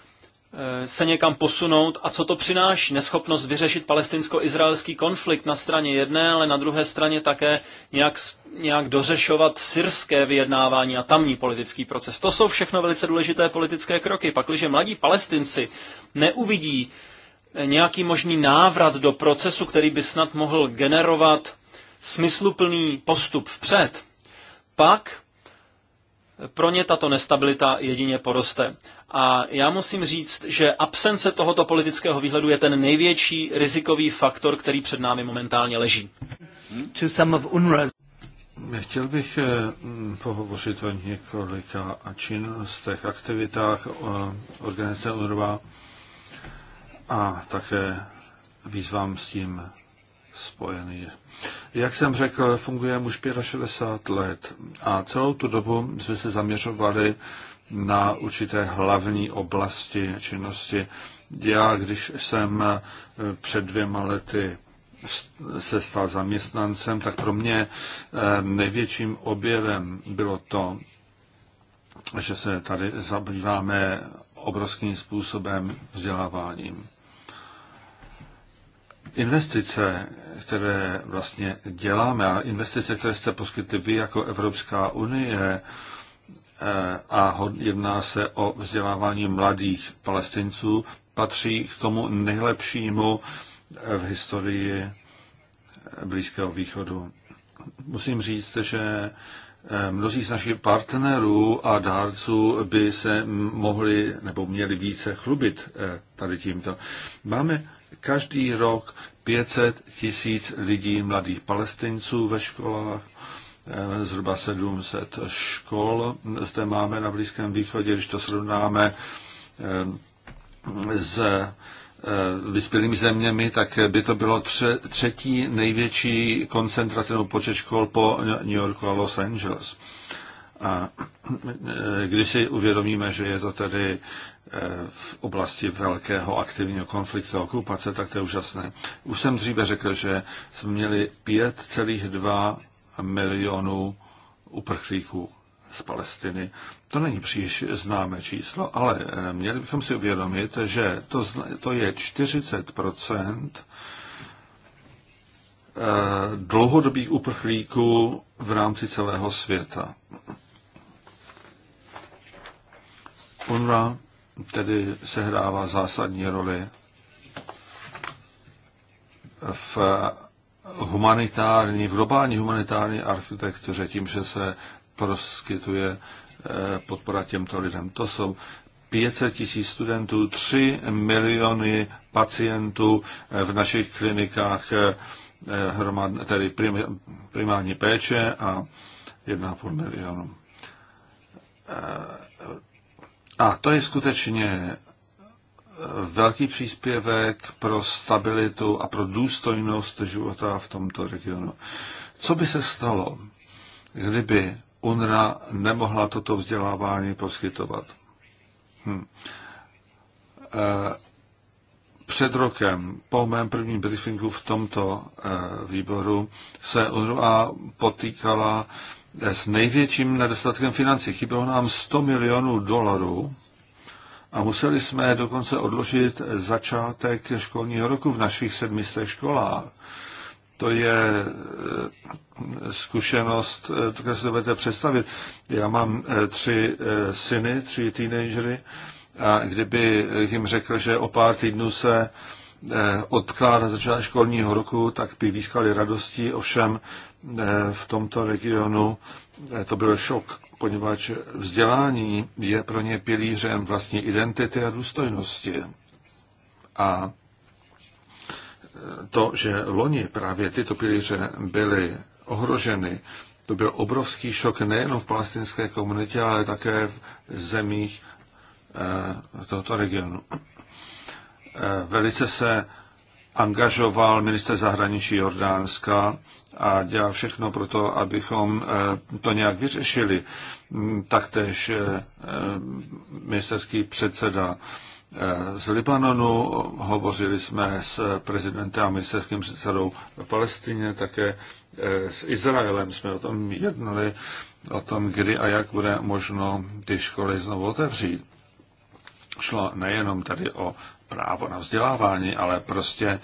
eh, se někam posunout a co to přináší. Neschopnost vyřešit palestinsko-izraelský konflikt na straně jedné, ale na druhé straně také nějak, nějak dořešovat syrské vyjednávání a tamní politický proces. To jsou všechno velice důležité politické kroky. Pakliže mladí palestinci neuvidí eh, nějaký možný návrat do procesu, který by snad mohl generovat smysluplný postup vpřed, pak pro ně tato nestabilita jedině poroste. A já musím říct, že absence tohoto politického výhledu je ten největší rizikový faktor, který před námi momentálně leží. Chtěl bych eh, pohovořit o několika činnostech, aktivitách organizace UNRWA a také výzvám s tím spojených. Jak jsem řekl, fungujeme už 65 let a celou tu dobu jsme se zaměřovali na určité hlavní oblasti činnosti. Já, když jsem eh, před dvěma lety se stal zaměstnancem, tak pro mě eh, největším objevem bylo to, že se tady zabýváme obrovským způsobem vzděláváním. Investice, které vlastně děláme a investice, které jste poskytli vy jako Evropská unie, eh, a jedná se o vzdělávání mladých palestinců, patří k tomu nejlepšímu eh, v historii eh, Blízkého východu. Musím říct, že mnozí z našich partnerů a dárců by se mohli nebo měli více chlubit tady tímto. Máme každý rok 500 tisíc lidí, mladých palestinců ve školách, eh, zhruba 700 škol. Zde máme na Blízkém východě, když to srovnáme eh, s eh, vyspělými zeměmi, tak by to bylo třetí největší koncentrace počet škol po New Yorku a Los Angeles. A eh, když si uvědomíme, že je to tedy eh, v oblasti velkého aktivního konfliktu a okupace, tak to je úžasné. Už jsem dříve řekl, že jsme měli 5,2 milionů uprchlíků z Palestiny. To není příliš známé číslo, ale eh, měli bychom si uvědomit, že to, to je 40 dlouhodobých uprchlíků v rámci celého světa. UNRWA tedy sehrává zásadní roli v humanitární, v globální humanitární architektuře tím, že se proskytuje eh, podpora těmto lidem. To jsou 500 tisíc studentů, 3 miliony pacientů eh, v našich klinikách eh, hromad, tedy prim, primární péče a 1,5 milionu. A to je skutečně velký příspěvek pro stabilitu a pro důstojnost života v tomto regionu. Co by se stalo, kdyby UNRA nemohla toto vzdělávání poskytovat? Hm. E před rokem, po mém prvním briefingu v tomto eh, výboru, se UNRA potýkala s největším nedostatkem financí. Chybělo nám 100 milionů dolarů a museli jsme dokonce odložit začátek školního roku v našich sedmistech školách. To je eh, zkušenost, eh, které si dovedete představit. Já mám eh, tři syny, tři teenagery a kdyby jim řekl, že o pár týdnů se odkládá začátek školního roku, tak by výskali radostí, ovšem v tomto regionu eh, to byl šok, poněvadž vzdělání je pro ně pilířem vlastní identity a důstojnosti. A eh, to, že loni právě tyto pilíře byly ohroženy, to byl obrovský šok nejen v palestinské komunitě, ale také v zemích eh, tohoto regionu. Velice se angažoval minister zahraničí Jordánska a dělá všechno pro to, abychom eh, to nějak vyřešili. Mm, Taktež eh, eh, ministerský předseda z Libanonu, hovořili jsme s prezidentem a ministerským předsedou v Palestině, také s Izraelem jsme o tom jednali, o tom, kdy a jak bude možno ty školy znovu otevřít. Šlo nejenom tady o právo na vzdělávání, ale prostě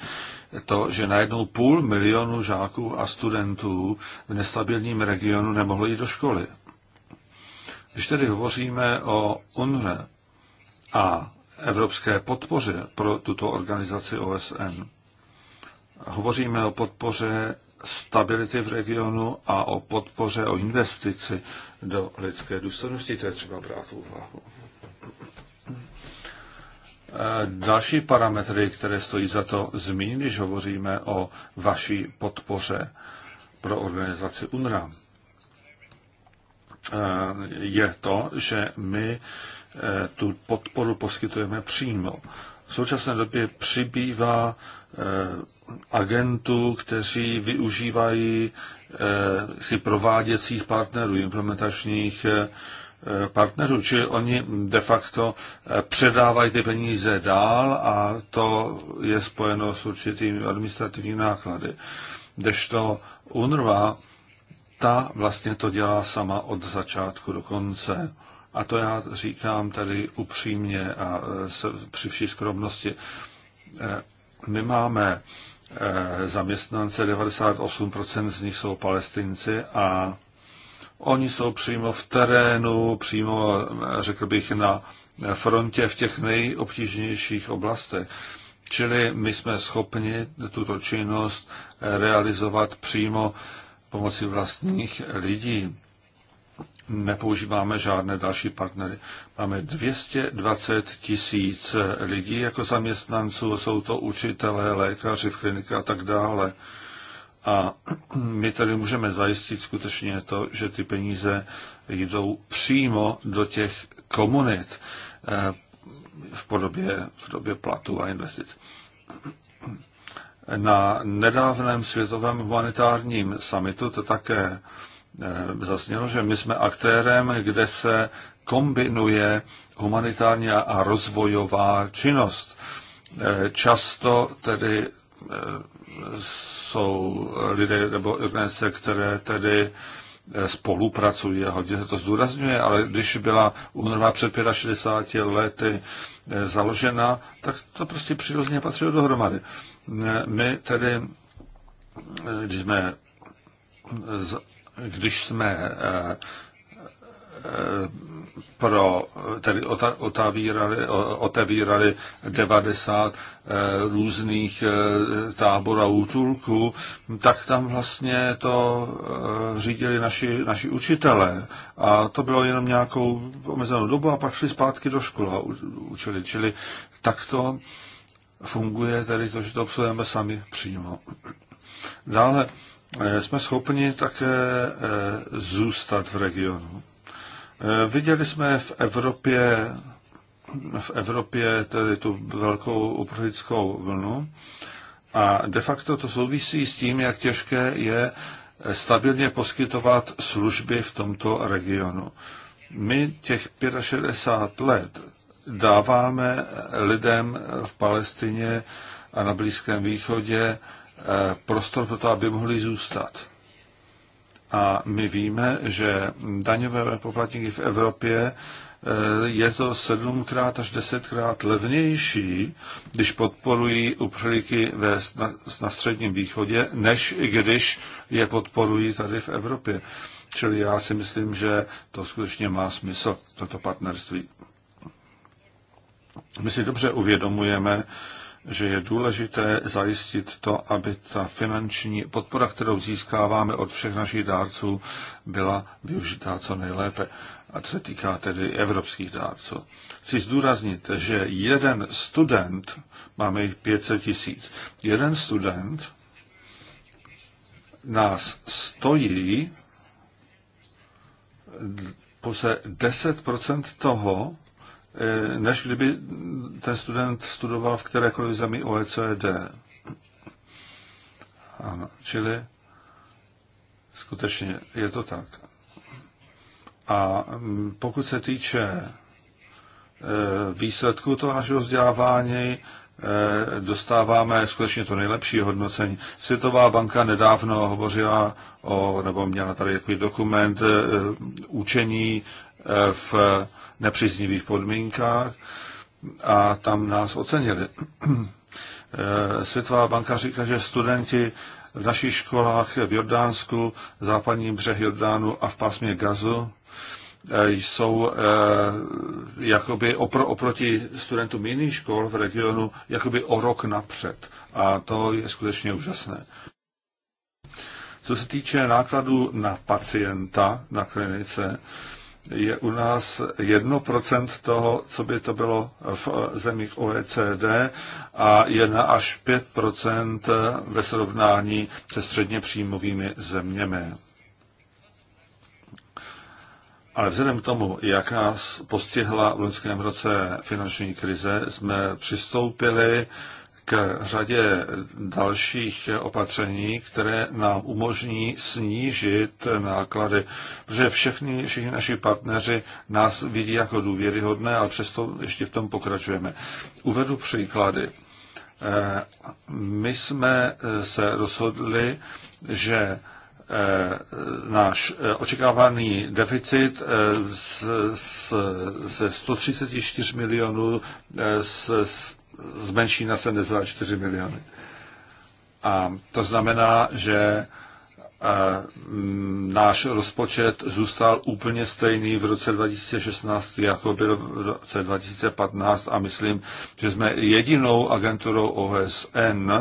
to, že najednou půl milionu žáků a studentů v nestabilním regionu nemohlo jít do školy. Když tedy hovoříme o UNRE a evropské podpoře pro tuto organizaci OSN, hovoříme o podpoře stability v regionu a o podpoře, o investici do lidské důstojnosti, to je třeba brát v úvahu. Eh, další parametry, které stojí za to zmínit, když hovoříme o vaší podpoře pro organizaci UNRWA, eh, je to, že my eh, tu podporu poskytujeme přímo. V současné době přibývá agentů, kteří využívají si prováděcích partnerů, implementačních partnerů, čili oni de facto předávají ty peníze dál a to je spojeno s určitými administrativními náklady. Kdežto UNRWA, ta vlastně to dělá sama od začátku do konce. A to já říkám tady upřímně a e, při vší skromnosti. E, my máme e, zaměstnance, 98% z nich jsou palestinci a Oni jsou přímo v terénu, přímo, řekl bych, na frontě v těch nejobtížnějších oblastech. Čili my jsme schopni tuto činnost realizovat přímo pomocí vlastních lidí. Nepoužíváme žádné další partnery. Máme 220 tisíc lidí jako zaměstnanců, jsou to učitelé, lékaři v klinikách a tak dále. A my tady můžeme zajistit skutečně to, že ty peníze jdou přímo do těch komunit eh, v podobě, v podobě platu a investic. Na nedávném světovém humanitárním summitu to také eh, zaznělo, že my jsme aktérem, kde se kombinuje humanitární a rozvojová činnost. Eh, často tedy jsou lidé nebo organizace, které tedy eh, spolupracují a hodně se to zdůrazňuje, ale když byla únorová před 65 lety eh, založena, tak to prostě přirozeně patřilo dohromady. Eh, my tedy, když jsme, když jsme pro, tedy otevírali, otevírali 90 eh, různých eh, táborů a útulků, tak tam vlastně to eh, řídili naši, naši učitelé. A to bylo jenom nějakou omezenou dobu a pak šli zpátky do školy a učili. Čili to funguje tedy to, že to obsluhujeme sami přímo. Dále jsme schopni také zůstat v regionu. Eh, viděli jsme v Evropě, v Evropě tedy tu velkou uprchlickou vlnu a de facto to souvisí s tím, jak těžké je stabilně poskytovat služby v tomto regionu. My těch 65 let dáváme lidem v Palestině a na Blízkém východě eh, prostor pro to, aby mohli zůstat. A my víme, že daňové poplatníky v Evropě e, je to sedmkrát až desetkrát levnější, když podporují uprchlíky ve, na, na středním východě, než když je podporují tady v Evropě. Čili já si myslím, že to skutečně má smysl, toto partnerství. My si dobře uvědomujeme, že je důležité zajistit to, aby ta finanční podpora, kterou získáváme od všech našich dárců, byla využitá co nejlépe. A co se týká tedy evropských dárců. Chci zdůraznit, že jeden student, máme jich 500 tisíc, jeden student nás stojí pouze 10% toho, Eh, než kdyby ten student studoval v kterékoliv zemi OECD. Ano, čili skutečně je to tak. A mm, pokud se týče eh, výsledku toho našeho vzdělávání, eh, dostáváme skutečně to nejlepší hodnocení. Světová banka nedávno hovořila o, nebo měla tady takový dokument, učení v nepříznivých podmínkách a tam nás ocenili. Eh, Světová banka říká, že studenti v našich školách v Jordánsku, v západním břeh Jordánu a v pásmě Gazu eh, jsou eh, jakoby opro, oproti studentům jiných škol v regionu jakoby o rok napřed. A to je skutečně úžasné. Co se týče nákladů na pacienta na klinice, je u nás 1% toho, co by to bylo v zemích OECD a 1 až 5% ve srovnání se středně příjmovými zeměmi. Ale vzhledem k tomu, jak nás postihla v loňském roce finanční krize, jsme přistoupili k řadě dalších opatření, které nám umožní snížit náklady, protože všechny, všichni naši partneři nás vidí jako důvěryhodné, ale přesto ještě v tom pokračujeme. Uvedu příklady. Eh, my jsme eh, se rozhodli, že eh, náš očekávaný deficit ze 134 milionů zmenší na 74 miliony. A to znamená, že eh, náš rozpočet zůstal úplně stejný v roce 2016, jako byl v roce 2015 a myslím, že jsme jedinou agenturou OSN,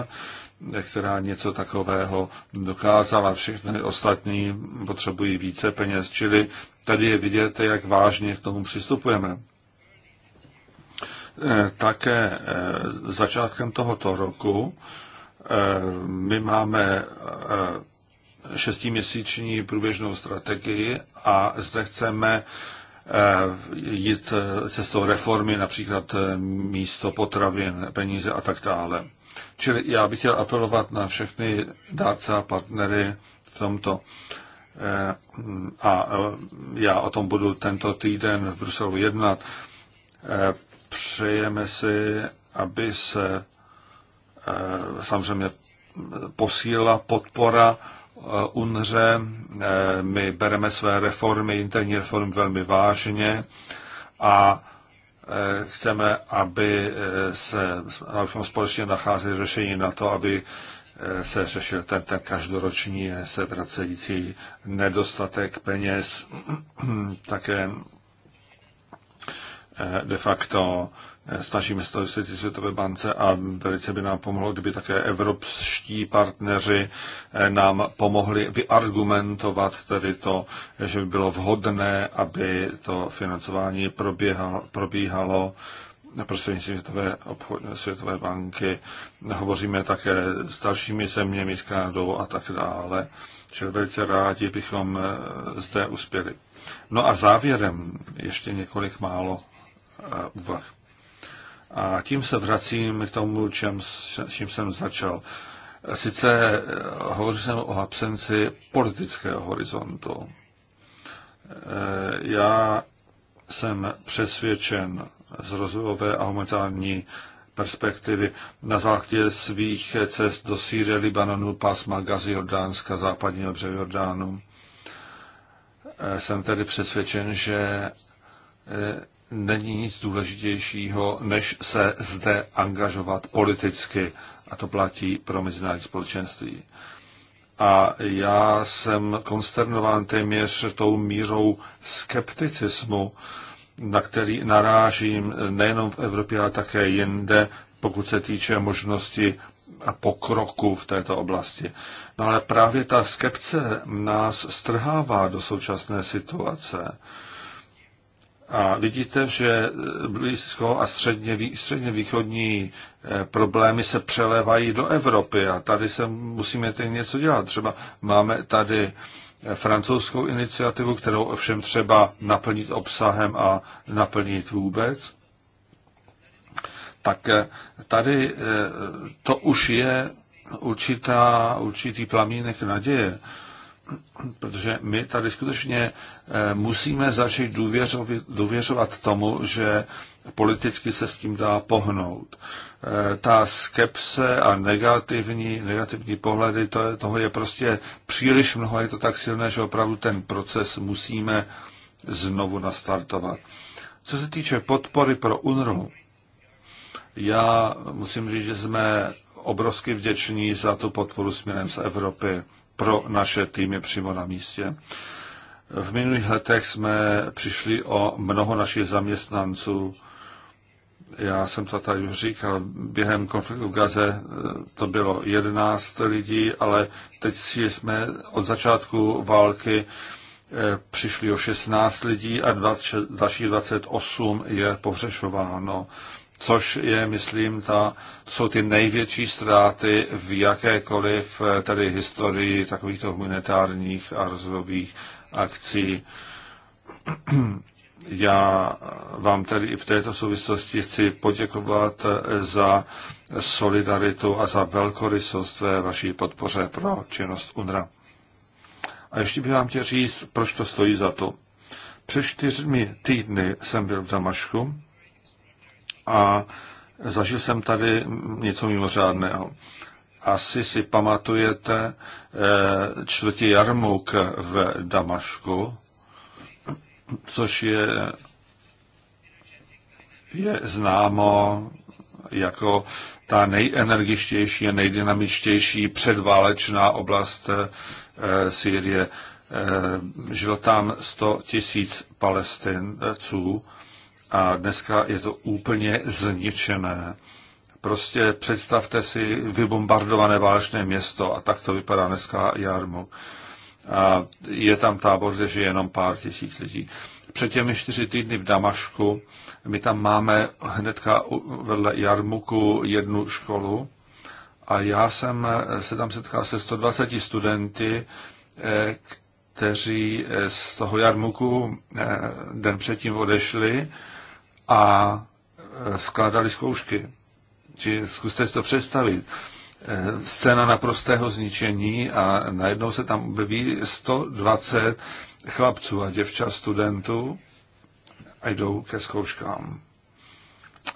která něco takového dokázala. Všechny ostatní potřebují více peněz, čili tady je vidět, jak vážně k tomu přistupujeme. Eh, také eh, začátkem tohoto roku. Eh, my máme šestiměsíční průběžnou strategii a zde chceme jít cestou reformy, například místo potravin, peníze a tak dále. Čili já bych chtěl apelovat na všechny dárce a partnery v tomto. A já o tom budu tento týden v Bruselu jednat. Přejeme si, aby se eh, samozřejmě posílila podpora eh, UNRE. Eh, my bereme své reformy, interní reformy velmi vážně a chceme, aby se, abychom společně nacházeli řešení na to, aby se řešil ten, ten každoroční se vracející nedostatek peněz. Také de facto eh, snažíme se to vysvětlit Světové bance a velice by nám pomohlo, kdyby také evropští partneři eh, nám pomohli vyargumentovat tedy to, že by bylo vhodné, aby to financování probíhalo, probíhalo prostřednictvím Světové, Světové banky. Hovoříme také s dalšími zeměmi, s Kanadou a tak dále. Čili velice rádi bychom eh, zde uspěli. No a závěrem ještě několik málo úvah. A tím se vracím k tomu, čem, čím jsem začal. Sice eh, hovořil jsem o absenci politického horizontu. Eh, já jsem přesvědčen z rozvojové a humanitární perspektivy na základě svých cest do Sýrie, Libanonu, pásma Gazy, Jordánska, západního břehu Jordánu. Eh, jsem tedy přesvědčen, že není nic důležitějšího, než se zde angažovat politicky. A to platí pro mezinárodní společenství. A já jsem konsternován téměř tou mírou skepticismu, na který narážím nejenom v Evropě, ale také jinde, pokud se týče možnosti a pokroku v této oblasti. No ale právě ta skepce nás strhává do současné situace. A vidíte, že blízko a středně, středně východní eh, problémy se přelevají do Evropy a tady se musíme tady něco dělat. Třeba máme tady eh, francouzskou iniciativu, kterou ovšem třeba naplnit obsahem a naplnit vůbec. Tak eh, tady to už je určitá, určitý plamínek naděje protože my tady skutečně eh, musíme začít důvěřovat, tomu, že politicky se s tím dá pohnout. Eh, ta skepse a negativní, negativní pohledy, to je, toho je prostě příliš mnoho, je to tak silné, že opravdu ten proces musíme znovu nastartovat. Co se týče podpory pro UNRU, já musím říct, že jsme obrovsky vděční za tu podporu směrem z Evropy pro naše týmy přímo na místě. V minulých letech jsme přišli o mnoho našich zaměstnanců. Já jsem to tady už říkal, během konfliktu v Gaze e, to bylo 11 lidí, ale teď jsme od začátku války e, přišli o 16 lidí a dalších 28 je pohřešováno což je, myslím, ta, jsou ty největší ztráty v jakékoliv eh, tedy historii takovýchto humanitárních a rozvojových akcí. Já vám tedy v této souvislosti chci poděkovat eh, za solidaritu a za velkorysost ve vaší podpoře pro činnost UNRA. A ještě bych vám chtěl říct, proč to stojí za to. Před čtyřmi týdny jsem byl v Damašku a zažil jsem tady něco mimořádného. Asi si pamatujete eh, čtvrtý jarmouk v Damašku, což je, je známo jako ta nejenergičtější a nejdynamičtější předválečná oblast e, Sýrie. Eh, žilo tam 100 tisíc palestinců a dneska je to úplně zničené. Prostě představte si vybombardované válečné město a tak to vypadá dneska Jarmu. A je tam tábor, kde žije jenom pár tisíc lidí. Před těmi čtyři týdny v Damašku my tam máme hnedka vedle Jarmuku jednu školu a já jsem eh, se tam setkal se 120 studenty, eh, kteří eh, z toho Jarmuku den předtím odešli a e, skládali zkoušky. Či zkuste si to představit. E, scéna naprostého zničení a najednou se tam objeví 120 chlapců a děvčat, studentů a jdou ke zkouškám.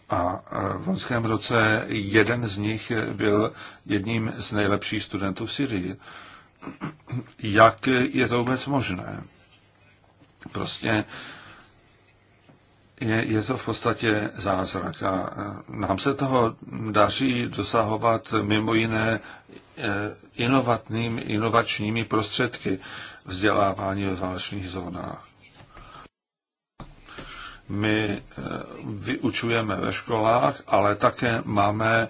A e, v loňském roce jeden z nich byl jedním z nejlepších studentů v Syrii. Jak je to vůbec možné? Prostě eh, je, je to v podstatě zázrak. A e, nám se toho daří dosahovat mimo jiné e, inovatným, inovačními prostředky vzdělávání ve válečných zónách. My e, vyučujeme ve školách, ale také máme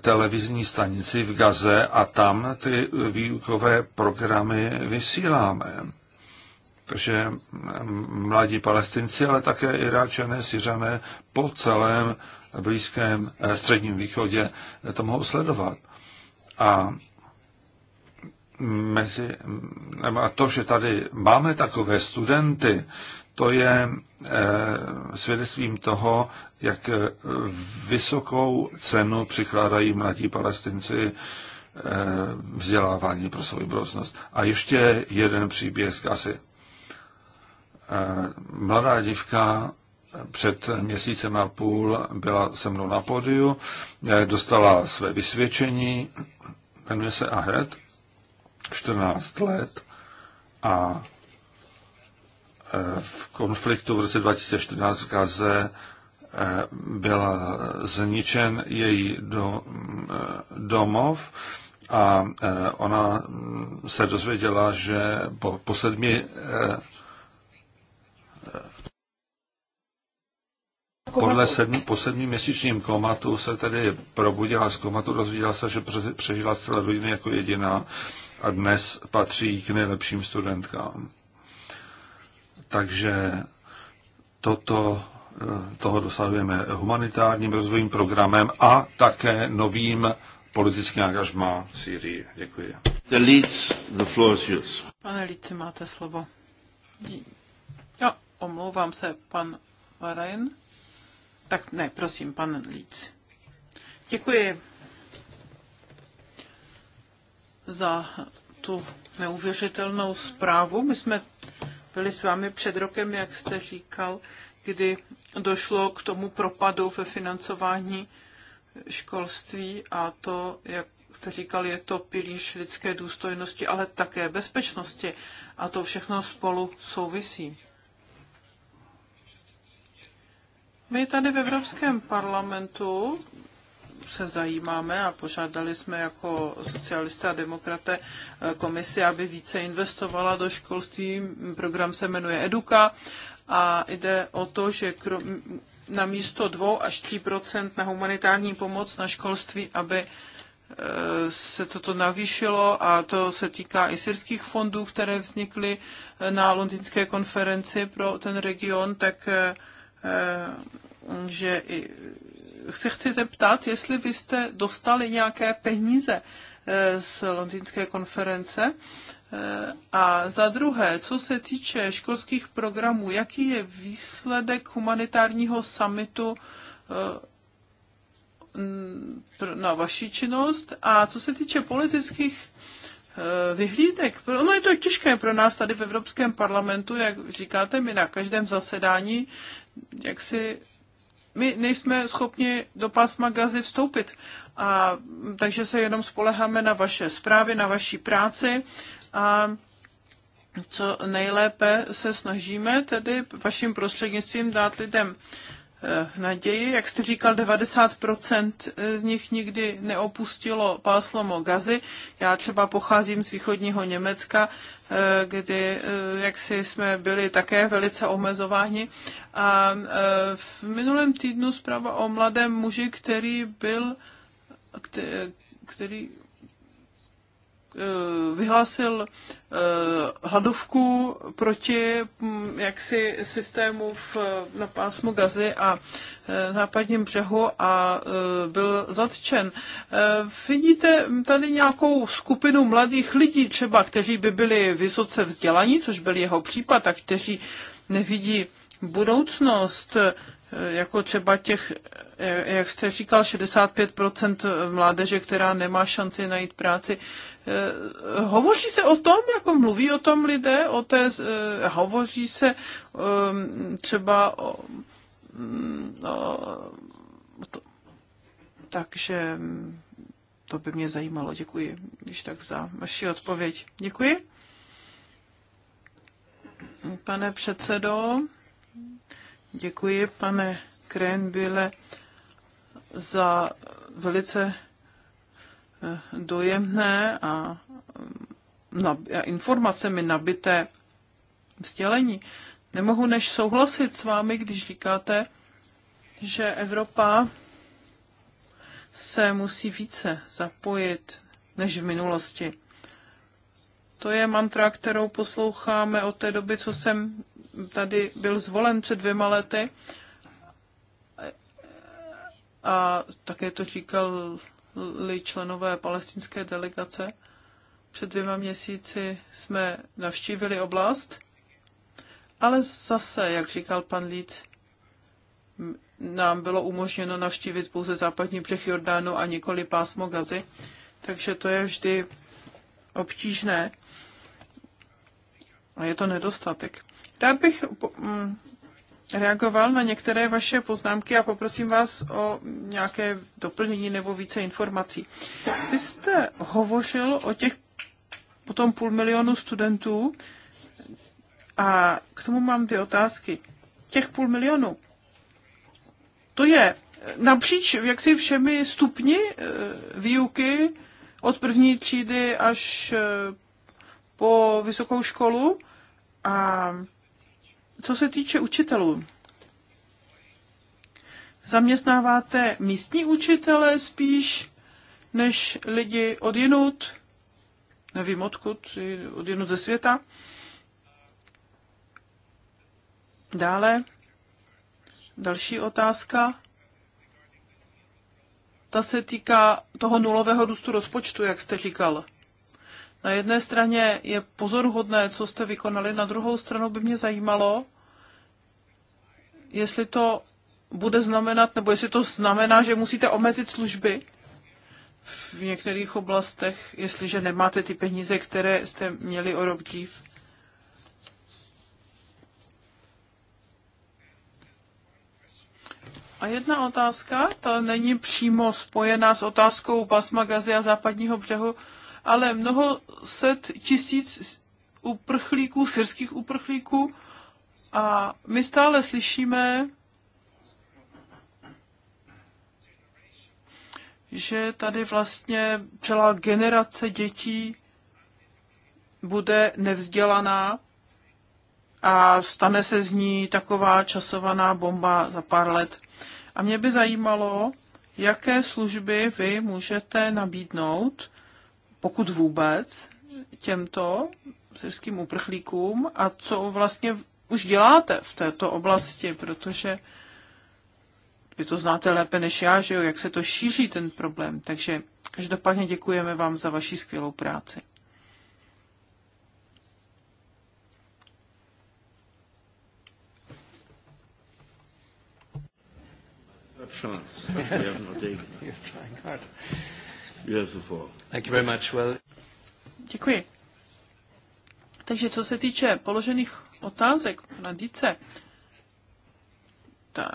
televizní stanici v Gaze a tam ty výukové programy vysíláme že mladí palestinci, ale také Iráčané, Syřané po celém blízkém eh, středním východě eh, to mohou sledovat. A mezi, a to, že tady máme takové studenty, to je eh, svědectvím toho, jak vysokou cenu přikládají mladí palestinci vzdělávání pro svou budoucnost. A ještě jeden příběh z Gazy. Eh, mladá dívka před měsícem a půl byla se mnou na pódiu, eh, dostala své vysvědčení, jmenuje se Ahed, 14 let a eh, v konfliktu v roce 2014 v Gaze byla zničen její domov a ona mm, se dozvěděla, že po, po sedmi podle sedm, po měsíčním komatu se tedy probudila z komatu, rozvíjela se, že přežila celé rodiny jako jediná a dnes patří k nejlepším studentkám. Takže toto, eh, toho dosahujeme humanitárním rozvojovým programem a také novým politickým angažmá v Syrii. Děkuji. The leads, the floor is yours. Pane Lice, máte slovo omlouvám se, pan Varen. Tak ne, prosím, pan Líc. Děkuji za tu neuvěřitelnou zprávu. My jsme byli s vámi před rokem, jak jste říkal, kdy došlo k tomu propadu ve financování školství a to, jak jste říkal, je to pilíř lidské důstojnosti, ale také bezpečnosti. A to všechno spolu souvisí. My tady v Evropském parlamentu se zajímáme a požádali jsme jako socialisté a demokraté eh, komisi, aby více investovala do školství. Program se jmenuje Eduka a jde o to, že krom, na místo 2 až 3 na humanitární pomoc na školství, aby eh, se toto navýšilo a to se týká i syrských fondů, které vznikly eh, na londýnské konferenci pro ten region, tak že se chci zeptat, jestli vy jste dostali nějaké peníze eh, z londýnské konference. Eh, a za druhé, co se týče školských programů, jaký je výsledek humanitárního summitu eh, na vaši činnost? A co se týče politických vyhlídek. Ono je to těžké pro nás tady v Evropském parlamentu, jak říkáte, my na každém zasedání, jak si my nejsme schopni do pásma gazy vstoupit. A, takže se jenom spoleháme na vaše zprávy, na vaší práci a co nejlépe se snažíme tedy vaším prostřednictvím dát lidem Eh, naději. Jak jste říkal, 90% z nich nikdy neopustilo páslomo gazy. Já třeba pocházím z východního Německa, eh, kdy eh, jaksi jsme byli také velice omezováni. A v minulém týdnu zpráva o mladém muži, který byl, který Eh, vyhlásil eh, hladovku proti hm, jaksi systému v, na pásmu Gazy a eh, západním břehu a byl zatčen. Vidíte tady nějakou skupinu mladých lidí třeba, kteří by byli vysoce vzdělaní, což byl jeho případ, a kteří nevidí budoucnost, jako třeba těch, jak jste říkal, 65% mládeže, která nemá šanci najít práci. Eh, hovoří se o tom, jako mluví o tom lidé, o té, eh, hovoří se ehm, třeba mm, o, o to. Takže mm, to by mě zajímalo. Děkuji, když tak za vaši odpověď. Děkuji. Pane předsedo, Děkuji, pane Krenbile, za velice eh, dojemné a, mm, a informacemi nabité sdělení. Nemohu než souhlasit s vámi, když říkáte, že Evropa se musí více zapojit než v minulosti. To je mantra, kterou posloucháme od té doby, co jsem tady byl zvolen před dvěma lety a také to říkali členové palestinské delegace. Před dvěma měsíci jsme navštívili oblast, ale zase, jak říkal pan Líc, nám bylo umožněno navštívit pouze západní břeh Jordánu a nikoli pásmo Gazy, takže to je vždy obtížné a je to nedostatek. Rád bych mm, reagoval na některé vaše poznámky a poprosím vás o nějaké doplnění nebo více informací. Vy jste hovořil o těch potom půl milionu studentů a k tomu mám dvě otázky. Těch půl milionu, to je napříč jaksi všemi stupni eh, výuky od první třídy až eh, po vysokou školu a co se týče učitelů, zaměstnáváte místní učitele spíš než lidi od jinut, nevím odkud, od jinut ze světa. Dále, další otázka. Ta se týká toho nulového růstu rozpočtu, jak jste říkal. Na jedné straně je pozoruhodné, co jste vykonali, na druhou stranu by mě zajímalo, jestli to bude znamenat, nebo jestli to znamená, že musíte omezit služby v některých oblastech, jestliže nemáte ty peníze, které jste měli o rok dřív. A jedna otázka, ta není přímo spojená s otázkou Basmagazy a západního břehu, ale mnoho set tisíc uprchlíků, syrských uprchlíků, a my stále slyšíme, že tady vlastně celá generace dětí bude nevzdělaná a stane se z ní taková časovaná bomba za pár let. A mě by zajímalo, jaké služby vy můžete nabídnout, pokud vůbec, těmto syrským uprchlíkům a co vlastně už děláte v této oblasti, protože vy to znáte lépe než já, že jo, jak se to šíří ten problém. Takže každopádně děkujeme vám za vaši skvělou práci. No Děkuji. Takže co se týče položených otázek na Dice, ta,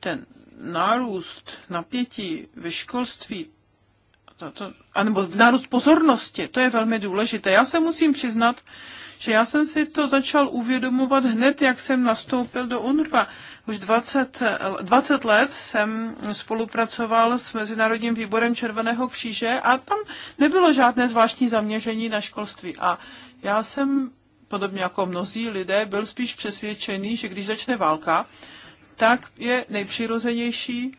ten nárůst napětí ve školství, to, to, anebo nárůst pozornosti, to je velmi důležité. Já se musím přiznat, že já jsem si to začal uvědomovat hned, jak jsem nastoupil do UNRWA. Už 20, 20 let jsem spolupracoval s Mezinárodním výborem Červeného kříže a tam nebylo žádné zvláštní zaměření na školství. A já jsem podobně jako mnozí lidé, byl spíš přesvědčený, že když začne válka, tak je nejpřirozenější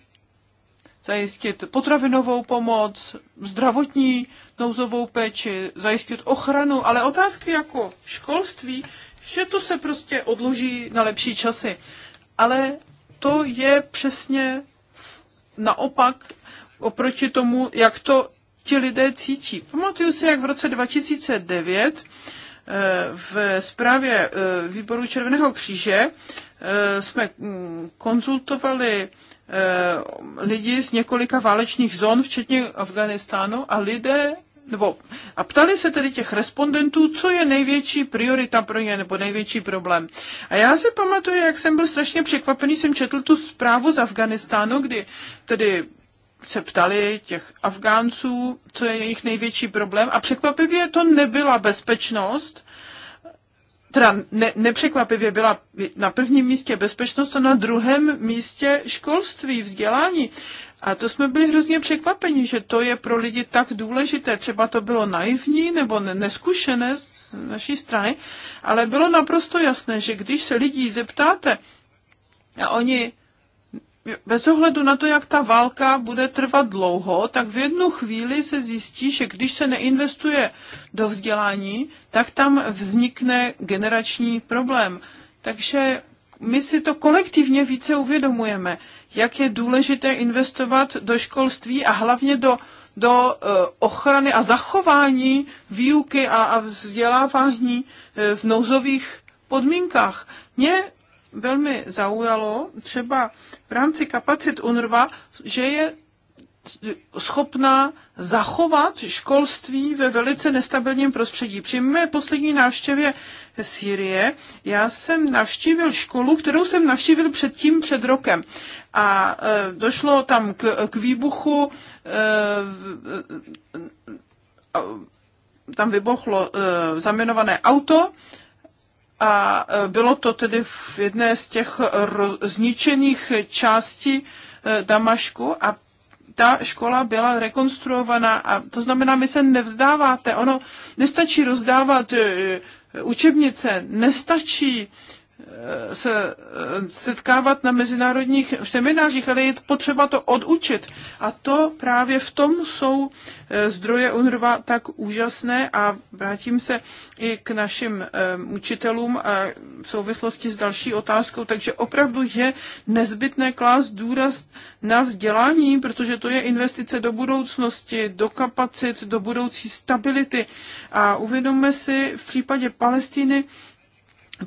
zajistit potravinovou pomoc, zdravotní nouzovou péči, zajistit ochranu, ale otázky jako školství, že to se prostě odloží na lepší časy. Ale to je přesně naopak oproti tomu, jak to ti lidé cítí. Pamatuju si, jak v roce 2009 v zprávě eh, výboru Červeného kříže eh, jsme mm, konzultovali eh, lidi z několika válečných zón, včetně Afganistánu, a lidé nebo a ptali se tedy těch respondentů, co je největší priorita pro ně, nebo největší problém. A já si pamatuju, jak jsem byl strašně překvapený, jsem četl tu zprávu z Afganistánu, kdy tedy se ptali těch Afgánců, co je jejich největší problém a překvapivě to nebyla bezpečnost, teda ne, nepřekvapivě byla na prvním místě bezpečnost a na druhém místě školství, vzdělání. A to jsme byli hrozně překvapeni, že to je pro lidi tak důležité. Třeba to bylo naivní nebo neskušené z naší strany, ale bylo naprosto jasné, že když se lidí zeptáte a oni bez ohledu na to, jak ta válka bude trvat dlouho, tak v jednu chvíli se zjistí, že když se neinvestuje do vzdělání, tak tam vznikne generační problém. Takže my si to kolektivně více uvědomujeme, jak je důležité investovat do školství a hlavně do, do eh, ochrany a zachování výuky a, a vzdělávání eh, v nouzových podmínkách. Mě velmi zaujalo, třeba v rámci kapacit UNRWA, že je schopná zachovat školství ve velice nestabilním prostředí. Při mé poslední návštěvě Sýrie já jsem navštívil školu, kterou jsem navštívil předtím před rokem. A e, došlo tam k, k výbuchu e, e, tam vybochlo e, zaměnované auto a e, bylo to tedy v jedné z těch zničených částí e, Damašku a ta škola byla rekonstruovaná a to znamená, my se nevzdáváte. Ono nestačí rozdávat e, učebnice, nestačí Eh, se eh, setkávat na mezinárodních seminářích, ale je potřeba to odučit. A to právě v tom jsou eh, zdroje UNRWA tak úžasné a vrátím se i k našim učitelům a v souvislosti s další otázkou, takže opravdu je nezbytné klást důraz na vzdělání, protože to je investice do budoucnosti, do kapacit, do budoucí stability a uvědomme si v případě Palestiny,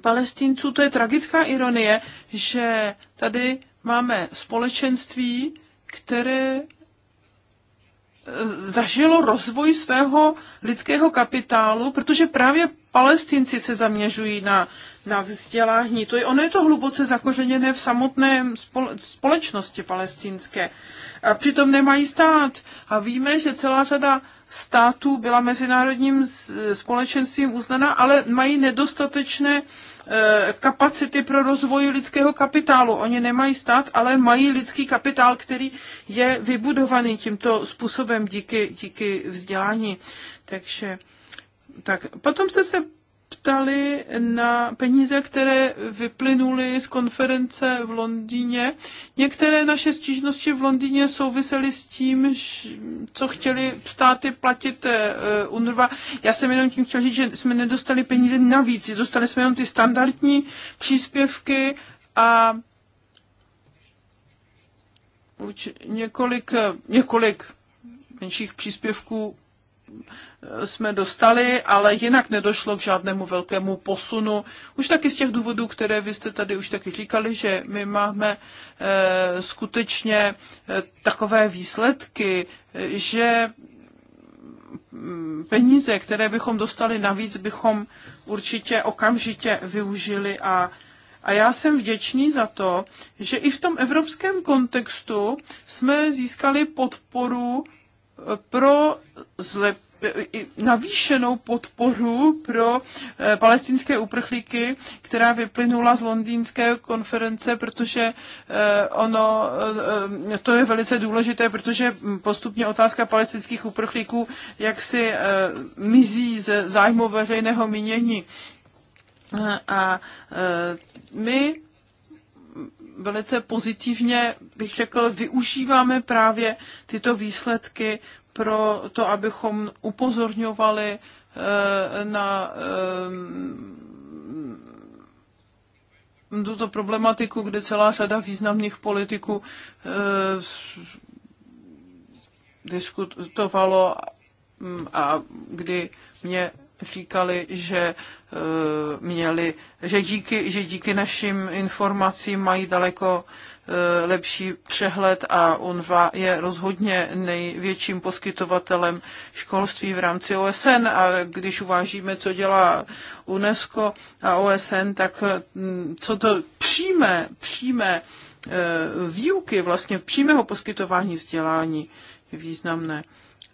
palestinců. To je tragická ironie, že tady máme společenství, které zažilo rozvoj svého lidského kapitálu, protože právě palestinci se zaměřují na na vzdělání. To je, ono je to hluboce zakořeněné v samotné společnosti palestinské. A přitom nemají stát. A víme, že celá řada států byla mezinárodním společenstvím uznaná, ale mají nedostatečné e, kapacity pro rozvoj lidského kapitálu. Oni nemají stát, ale mají lidský kapitál, který je vybudovaný tímto způsobem díky, díky vzdělání. Takže tak. Potom jste se ptali na peníze, které vyplynuly z konference v Londýně. Některé naše stížnosti v Londýně souvisely s tím, co chtěli státy platit eh, UNRWA. Já jsem jenom tím chtěl říct, že jsme nedostali peníze navíc, dostali jsme jenom ty standardní příspěvky a několik, několik menších příspěvků jsme dostali, ale jinak nedošlo k žádnému velkému posunu. Už taky z těch důvodů, které vy jste tady už taky říkali, že my máme eh, skutečně eh, takové výsledky, že mm, peníze, které bychom dostali navíc, bychom určitě okamžitě využili a a já jsem vděčný za to, že i v tom evropském kontextu jsme získali podporu pro zlep, navýšenou podporu pro eh, palestinské uprchlíky, která vyplynula z londýnské konference, protože eh, ono, eh, to je velice důležité, protože postupně otázka palestinských uprchlíků si mizí ze zájmu veřejného mínění. A my velice pozitivně, bych řekl, využíváme právě tyto výsledky pro to, abychom upozorňovali eh, na eh, tuto problematiku, kde celá řada významných politiků eh, diskutovalo mm, a kdy mě říkali, že eh, měli, že díky, že díky našim informacím mají daleko eh, lepší přehled a UNVA je rozhodně největším poskytovatelem školství v rámci OSN a když uvážíme, co dělá UNESCO a OSN, tak hm, co to přímé, přímé eh, výuky, vlastně přímého poskytování vzdělání je významné.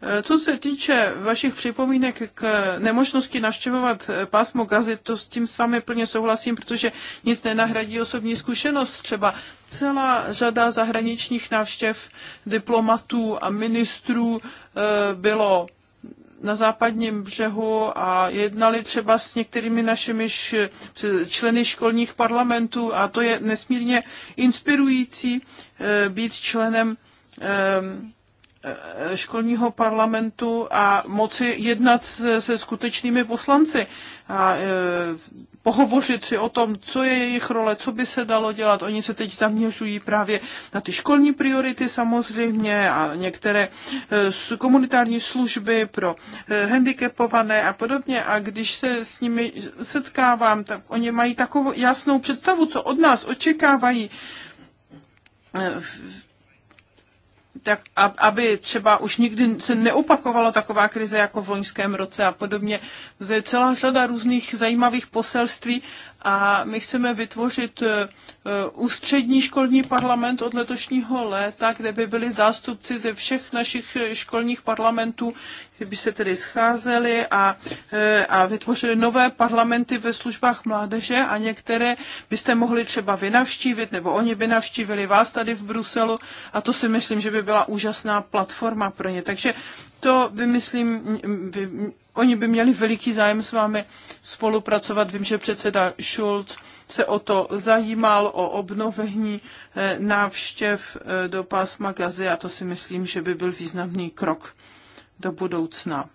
Eh, co se týče vašich připomínek k nemožnosti naštěvovat eh, pásmo gazet, to s tím s vámi plně souhlasím, protože nic nenahradí osobní zkušenost. Třeba celá řada zahraničních návštěv diplomatů a ministrů eh, bylo na západním břehu a jednali třeba s některými našimi členy školních parlamentů a to je nesmírně inspirující být členem Eh, školního parlamentu a moci jednat se, se skutečnými poslanci a e, pohovořit si o tom, co je jejich role, co by se dalo dělat. Oni se teď zaměřují právě na ty školní priority samozřejmě a některé e, komunitární služby pro e, handicapované a podobně. A když se s nimi setkávám, tak oni mají takovou jasnou představu, co od nás očekávají. E, tak aby třeba už nikdy se neopakovala taková krize jako v loňském roce a podobně. To je celá řada různých zajímavých poselství a my chceme vytvořit e, e, ústřední školní parlament od letošního léta, kde by byli zástupci ze všech našich e, školních parlamentů, kdyby se tedy scházeli a, a vytvořili nové parlamenty ve službách mládeže a některé byste mohli třeba vynavštívit, nebo oni by navštívili vás tady v Bruselu a to si myslím, že by byla úžasná platforma pro ně. Takže to vymyslím, oni by měli veliký zájem s vámi spolupracovat. Vím, že předseda Schulz se o to zajímal, o obnovení eh, návštěv eh, do pásma Gazy a to si myslím, že by byl významný krok do budoucna.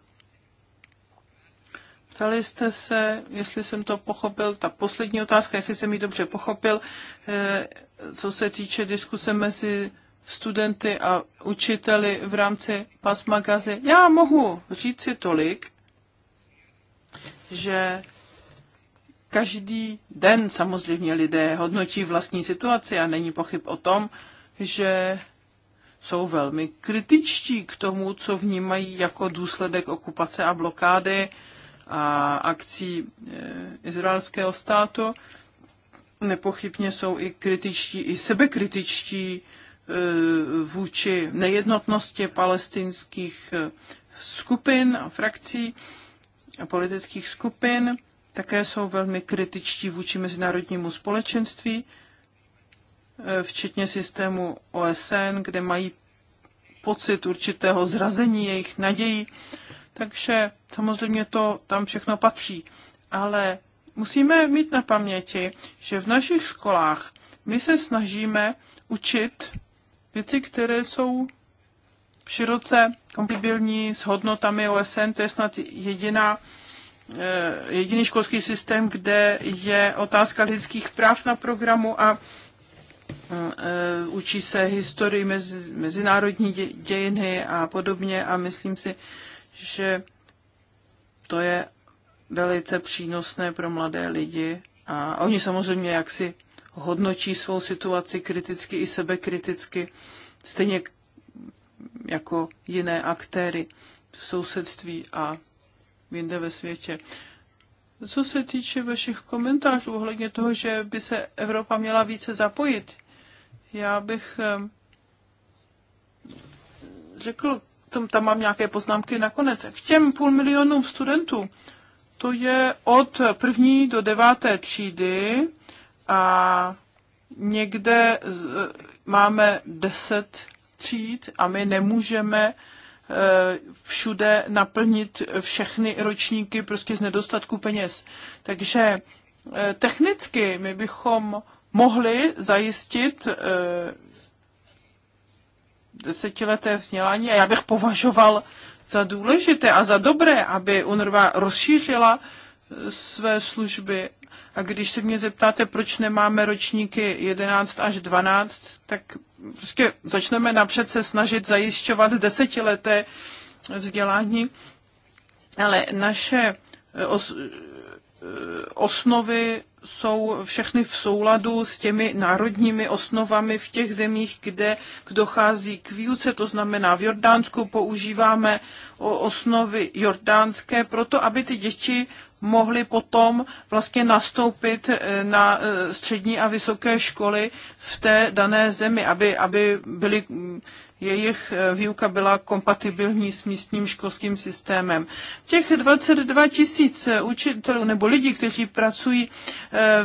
Ptali jste se, jestli jsem to pochopil, ta poslední otázka, jestli jsem ji dobře pochopil, eh, co se týče diskuse mezi studenty a učiteli v rámci pasmagazy. Já mohu říct si tolik, že každý den samozřejmě lidé hodnotí vlastní situaci a není pochyb o tom, že jsou velmi kritičtí k tomu, co vnímají jako důsledek okupace a blokády a akcí eh, izraelského státu. Nepochybně jsou i kritičtí, i sebekritičtí eh, vůči nejednotnosti palestinských eh, skupin a frakcí politických skupin, také jsou velmi kritičtí vůči mezinárodnímu společenství, e, včetně systému OSN, kde mají pocit určitého zrazení jejich nadějí. Takže samozřejmě to tam všechno patří. Ale musíme mít na paměti, že v našich školách my se snažíme učit věci, které jsou široce kompatibilní s hodnotami OSN, to je snad jediná eh, jediný školský systém, kde je otázka lidských práv na programu a eh, učí se historii mezinárodní dějiny a podobně a myslím si, že to je velice přínosné pro mladé lidi a oni samozřejmě jaksi hodnotí svou situaci kriticky i sebe kriticky, stejně jako jiné aktéry v sousedství a jinde ve světě. Co se týče vašich komentářů ohledně toho, že by se Evropa měla více zapojit, já bych řekl, tam, tam mám nějaké poznámky nakonec. K těm půl milionům studentů, to je od první do deváté třídy a někde e, máme deset vstříc a my nemůžeme eh, všude naplnit všechny ročníky prostě z nedostatku peněz. Takže eh, technicky my bychom mohli zajistit eh, desetileté vzdělání a já bych považoval za důležité a za dobré, aby UNRWA rozšířila své služby a když se mě zeptáte, proč nemáme ročníky 11 až 12, tak prostě začneme napřed se snažit zajišťovat desetileté vzdělání. Ale naše eh, os, eh, osnovy jsou všechny v souladu s těmi národními osnovami v těch zemích, kde dochází k výuce, to znamená v Jordánsku používáme osnovy jordánské, proto aby ty děti mohli potom vlastně nastoupit eh, na eh, střední a vysoké školy v té dané zemi, aby, aby byly, mm, jejich eh, výuka byla kompatibilní s místním školským systémem. Těch 22 tisíc učitelů nebo lidí, kteří pracují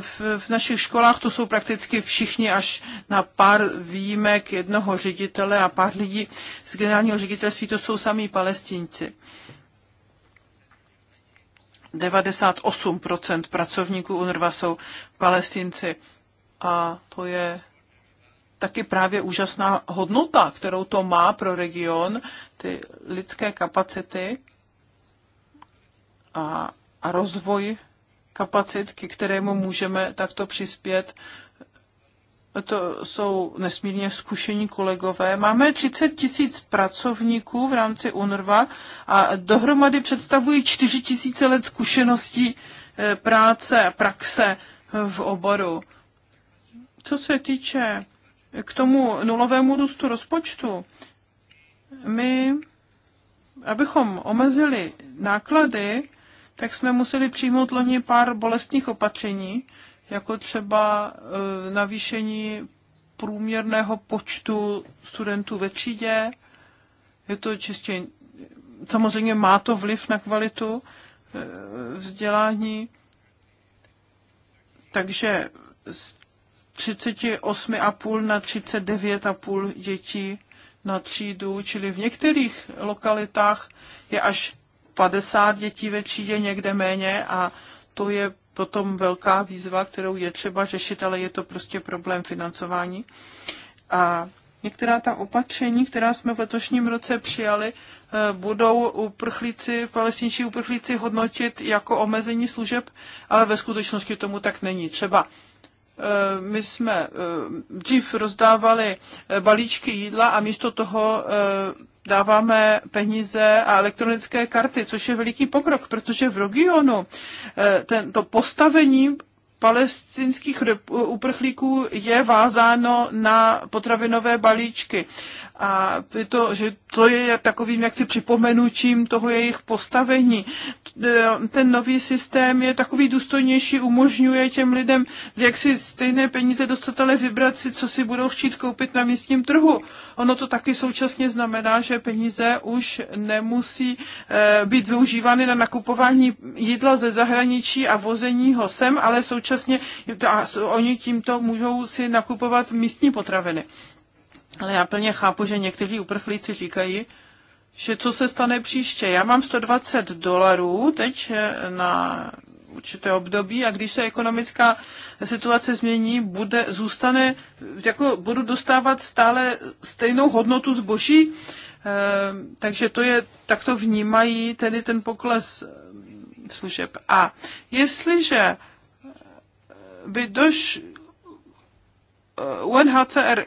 v, v našich školách, to jsou prakticky všichni až na pár výjimek jednoho ředitele a pár lidí z generálního ředitelství, to jsou samí palestinci. 98 pracovníků UNRWA jsou palestinci. A to je taky právě úžasná hodnota, kterou to má pro region, ty lidské kapacity a, a rozvoj kapacit, ke kterému můžeme takto přispět to jsou nesmírně zkušení kolegové. Máme 30 tisíc pracovníků v rámci UNRWA a dohromady představují 4 tisíce let zkušeností eh, práce a praxe v oboru. Co se týče k tomu nulovému růstu rozpočtu, my, abychom omezili náklady, tak jsme museli přijmout loni pár bolestných opatření, jako třeba eh, navýšení průměrného počtu studentů ve třídě. Je to čistě, samozřejmě má to vliv na kvalitu eh, vzdělání, takže z 38,5 na 39,5 dětí na třídu, čili v některých lokalitách je až 50 dětí ve třídě, někde méně a to je potom velká výzva, kterou je třeba řešit, ale je to prostě problém financování. A některá ta opatření, která jsme v letošním roce přijali, eh, budou uprchlíci, palestinští uprchlíci hodnotit jako omezení služeb, ale ve skutečnosti tomu tak není. Třeba Eh, my jsme eh, dřív rozdávali eh, balíčky jídla a místo toho dáváme peníze a elektronické karty, což je veliký pokrok, protože v regionu to postavení palestinských uprchlíků je vázáno na potravinové balíčky a to, že to je takovým jaksi připomenučím toho jejich postavení. Ten nový systém je takový důstojnější, umožňuje těm lidem jak si stejné peníze dostat, ale vybrat si, co si budou chtít koupit na místním trhu. Ono to taky současně znamená, že peníze už nemusí eh, být využívány na nakupování jídla ze zahraničí a vození ho sem, ale současně oni tímto můžou si nakupovat místní potraviny. Ale já plně chápu, že někteří uprchlíci říkají, že co se stane příště. Já mám 120 dolarů teď eh, na určité období a když se ekonomická situace změní, bude, zůstane, jako budu dostávat stále stejnou hodnotu zboží, e, takže to je, tak to vnímají tedy ten pokles eh, služeb. A jestliže by doš UNHCR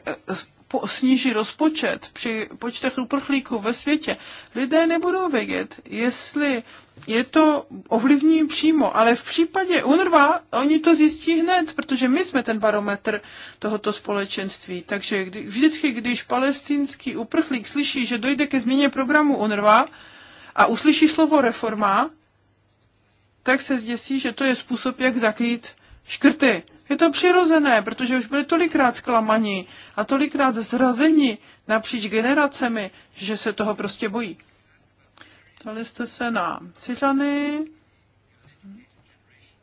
sníží rozpočet při počtech uprchlíků ve světě, lidé nebudou vědět, jestli je to ovlivní přímo, ale v případě UNRWA oni to zjistí hned, protože my jsme ten barometr tohoto společenství. Takže kdy, vždycky, když palestinský uprchlík slyší, že dojde ke změně programu UNRWA a uslyší slovo reforma, tak se zděsí, že to je způsob, jak zakrýt škrty. Je to přirozené, protože už byli tolikrát zklamaní a tolikrát zrazeni napříč generacemi, že se toho prostě bojí. Ptali jste se na Cyřany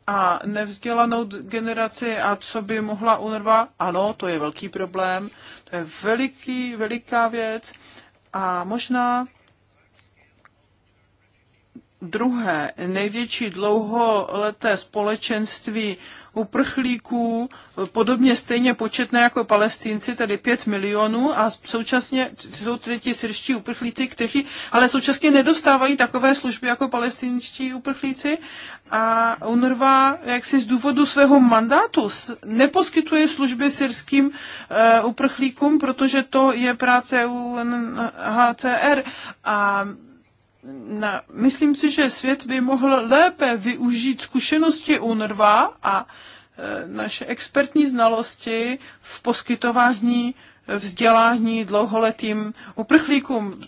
a nevzdělanou generaci a co by mohla UNRWA. Ano, to je velký problém, to je veliký, veliká věc a možná druhé největší dlouholeté společenství uprchlíků podobně stejně početné jako palestinci, tedy 5 milionů a současně jsou tedy ti syrští uprchlíci, kteří ale současně nedostávají takové služby jako palestinští uprchlíci a UNRWA jaksi z důvodu svého mandátu neposkytuje služby syrským eh, uprchlíkům, protože to je práce UNHCR a na, myslím si, že svět by mohl lépe využít zkušenosti UNRWA a e, naše expertní znalosti v poskytování e, vzdělání dlouholetým uprchlíkům.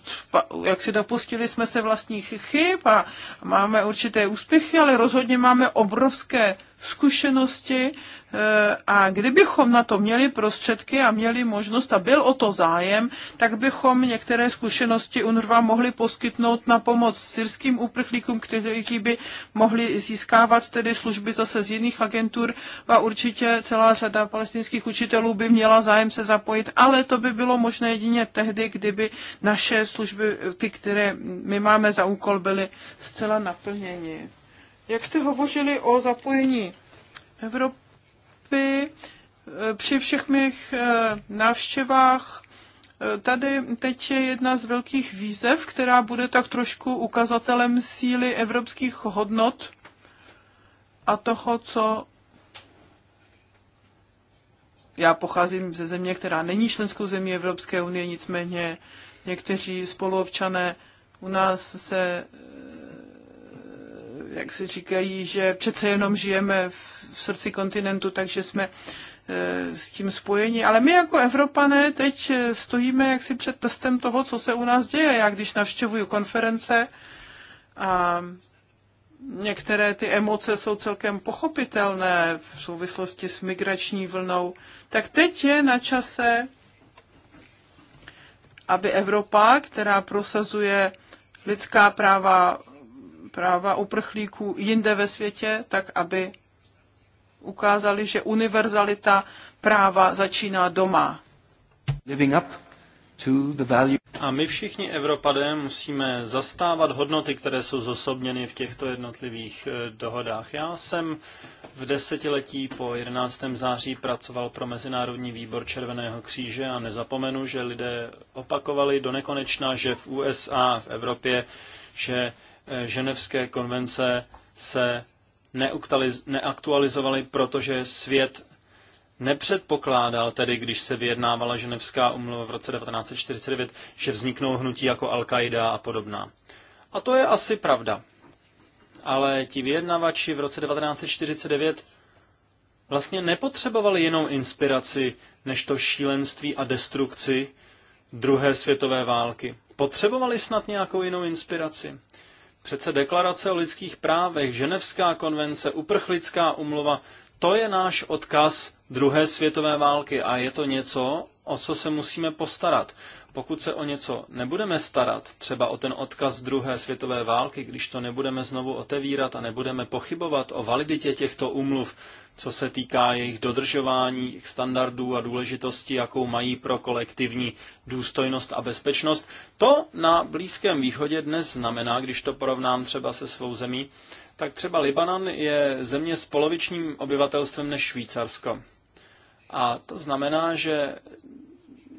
Jak si dopustili jsme se vlastních chyb a máme určité úspěchy, ale rozhodně máme obrovské zkušenosti eh, a kdybychom na to měli prostředky a měli možnost a byl o to zájem, tak bychom některé zkušenosti UNRWA mohli poskytnout na pomoc syrským uprchlíkům, kteří by mohli získávat tedy služby zase z jiných agentur a určitě celá řada palestinských učitelů by měla zájem se zapojit, ale to by bylo možné jedině tehdy, kdyby naše služby, ty, které my máme za úkol, byly zcela naplněny. Jak jste hovořili o zapojení Evropy e, při všech mých e, návštěvách, e, tady teď je jedna z velkých výzev, která bude tak trošku ukazatelem síly evropských hodnot a toho, co já pocházím ze země, která není členskou zemí Evropské unie, nicméně někteří spoluobčané u nás se jak se říkají, že přece jenom žijeme v srdci kontinentu, takže jsme e, s tím spojení. Ale my jako Evropané teď e, stojíme jaksi před testem toho, co se u nás děje. Já když navštěvuju konference a některé ty emoce jsou celkem pochopitelné v souvislosti s migrační vlnou, tak teď je na čase, aby Evropa, která prosazuje lidská práva, práva uprchlíků jinde ve světě, tak aby ukázali, že univerzalita práva začíná doma. A my všichni Evropadé musíme zastávat hodnoty, které jsou zosobněny v těchto jednotlivých eh, dohodách. Já jsem v desetiletí po 11. září pracoval pro Mezinárodní výbor Červeného kříže a nezapomenu, že lidé opakovali do nekonečna, že v USA v Evropě, že Eh, ženevské konvence se neaktualizovaly, protože svět nepředpokládal, tedy když se vyjednávala ženevská umluva v roce 1949, že vzniknou hnutí jako Al-Qaida a podobná. A to je asi pravda. Ale ti vyjednavači v roce 1949 vlastně nepotřebovali jinou inspiraci než to šílenství a destrukci druhé světové války. Potřebovali snad nějakou jinou inspiraci. Přece deklarace o lidských právech, Ženevská konvence, uprchlická umluva, to je náš odkaz druhé světové války a je to něco, o co se musíme postarat. Pokud se o něco nebudeme starat, třeba o ten odkaz druhé světové války, když to nebudeme znovu otevírat a nebudeme pochybovat o validitě těchto umluv, co se týká jejich dodržování, jejich standardů a důležitosti, jakou mají pro kolektivní důstojnost a bezpečnost. To na Blízkém východě dnes znamená, když to porovnám třeba se svou zemí, tak třeba Libanon je země s polovičním obyvatelstvem než Švýcarsko. A to znamená, že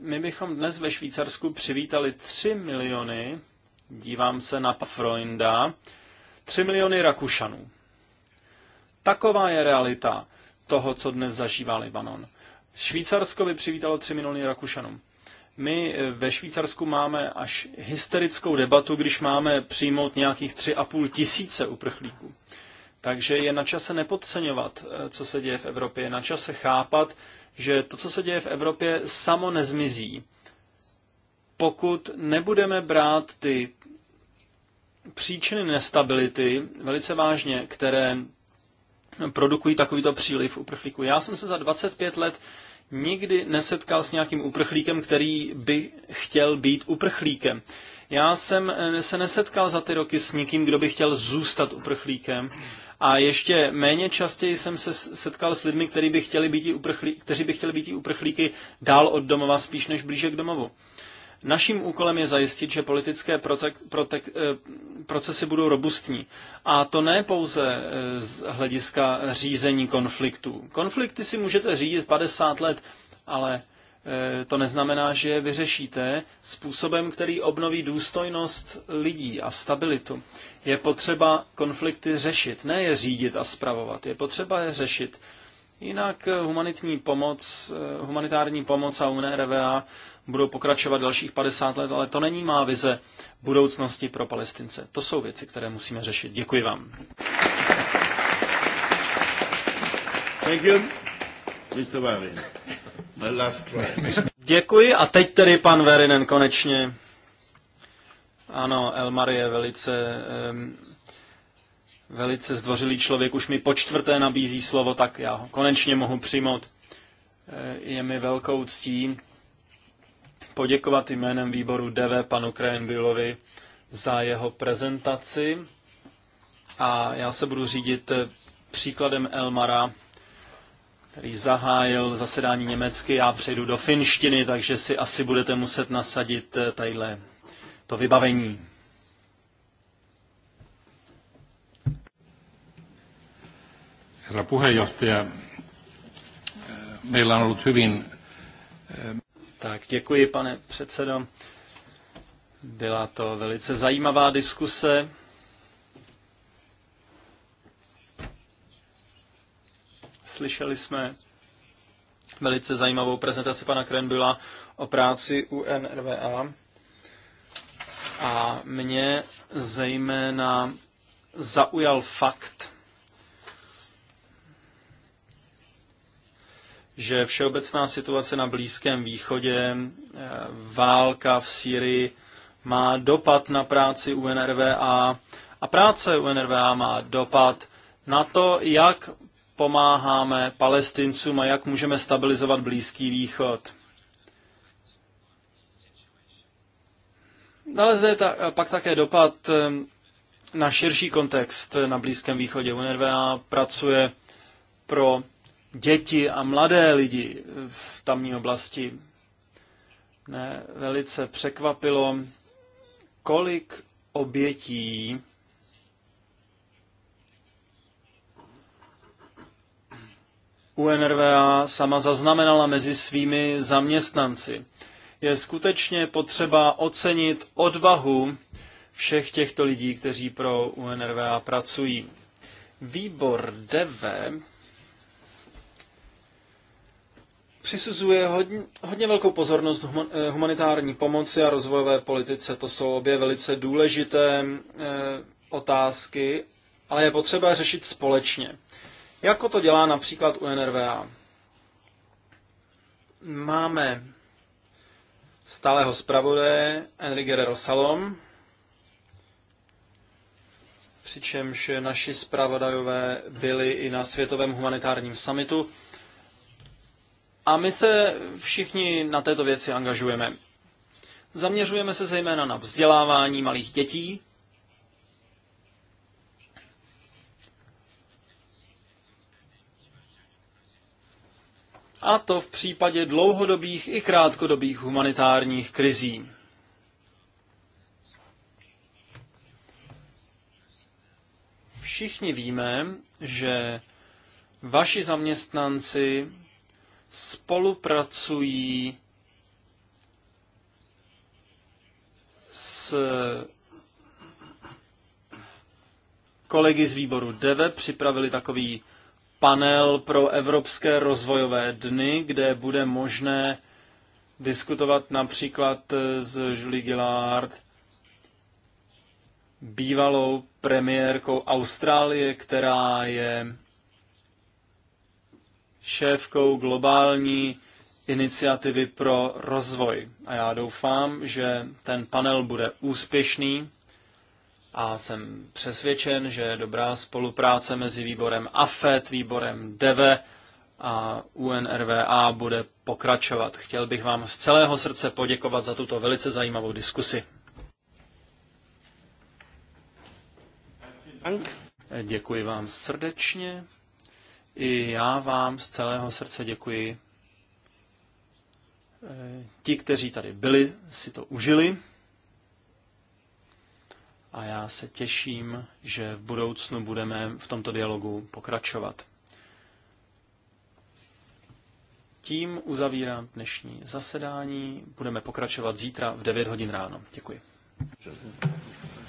my bychom dnes ve Švýcarsku přivítali 3 miliony, dívám se na Freunda, 3 miliony Rakušanů. Taková je realita toho, co dnes zažívá Libanon. Švýcarsko by přivítalo 3 miliony Rakušanům. My eh, ve Švýcarsku máme až hysterickou debatu, když máme přijmout nějakých 3,5 tisíce uprchlíků. Takže je na čase nepodceňovat, eh, co se děje v Evropě. Je na čase chápat, že to, co se děje v Evropě, samo nezmizí. Pokud nebudeme brát ty příčiny nestability velice vážně, které produkují takovýto příliv uprchlíků. Já jsem se za 25 let nikdy nesetkal s nějakým uprchlíkem, který by chtěl být uprchlíkem. Já jsem eh, se nesetkal za ty roky s nikým, kdo by chtěl zůstat uprchlíkem. A ještě méně častěji jsem se setkal s lidmi, kteří by chtěli být uprchlí, kteří by chtěli být uprchlíky dál od domova, spíš než blíže k domovu. Naším úkolem je zajistit, že politické eh, procesy budou robustní. A to ne pouze eh, z hlediska řízení konfliktů. Konflikty si můžete řídit 50 let, ale eh, to neznamená, že je vyřešíte způsobem, který obnoví důstojnost lidí a stabilitu. Je potřeba konflikty řešit, ne je řídit a spravovat. Je potřeba je řešit. Jinak eh, humanitní pomoc, eh, humanitární pomoc a UNRWA budou pokračovat dalších 50 let, ale to není má vize budoucnosti pro Palestince. To jsou věci, které musíme řešit. Děkuji vám. Thank you. Mr. My last Děkuji a teď tedy pan Verinen konečně. Ano, Elmar je velice um, Velice zdvořilý člověk už mi po čtvrté nabízí slovo, tak já ho konečně mohu přijmout. Eh, je mi velkou ctí poděkovat jménem výboru DV panu Krajenbilovi za jeho prezentaci a já se budu řídit eh, příkladem Elmara, který zahájil zasedání německy, já přejdu do finštiny, takže si asi budete muset nasadit eh, tadyhle to vybavení. herra puheenjohtaja. Meillä on ollut hyvin... Tak děkuji, pane předsedo. Byla to velice zajímavá diskuse. Slyšeli jsme velice zajímavou prezentaci pana Krenbyla o práci UNRWA. A mě zejména zaujal fakt, že všeobecná situace na Blízkém východě, eh, válka v Syrii, má dopad na práci UNRWA a práce UNRWA má dopad na to, jak pomáháme palestincům a jak můžeme stabilizovat Blízký východ. Dále zde je ta, pak také dopad eh, na širší kontext na Blízkém východě. UNRWA pracuje pro děti a mladé lidi v tamní oblasti. Mne velice překvapilo, kolik obětí UNRVA sama zaznamenala mezi svými zaměstnanci. Je skutečně potřeba ocenit odvahu všech těchto lidí, kteří pro UNRVA pracují. Výbor DEVE přisuzuje hodně, hodně velkou pozornost eh, humanitární pomoci a rozvojové politice. To jsou obě velice důležité eh, otázky, ale je potřeba řešit společně. Jako to dělá například UNRWA. Máme stáleho zpravodaje Enrique Rosalom, přičemž naši zpravodajové byli i na Světovém humanitárním summitu a my se všichni na této věci angažujeme. Zaměřujeme se zejména na vzdělávání malých dětí, a to v případě dlouhodobých i krátkodobých humanitárních krizí. Všichni víme, že vaši zaměstnanci spolupracují s kolegy z výboru DEVE připravili takový panel pro Evropské rozvojové dny, kde bude možné diskutovat například s Julie Gillard, bývalou premiérkou Austrálie, která je šéfkou globální iniciativy pro rozvoj. A já doufám, že ten panel bude úspěšný a jsem přesvědčen, že dobrá spolupráce mezi výborem AFET, výborem DEVE a UNRWA bude pokračovat. Chtěl bych vám z celého srdce poděkovat za tuto velice zajímavou diskusi. Děkuji vám srdečně. I já vám z celého srdce děkuji. Eh, ti, kteří tady byli, si to užili. A já se těším, že v budoucnu budeme v tomto dialogu pokračovat. Tím uzavírám dnešní zasedání. Budeme pokračovat zítra v 9 hodin ráno. Děkuji.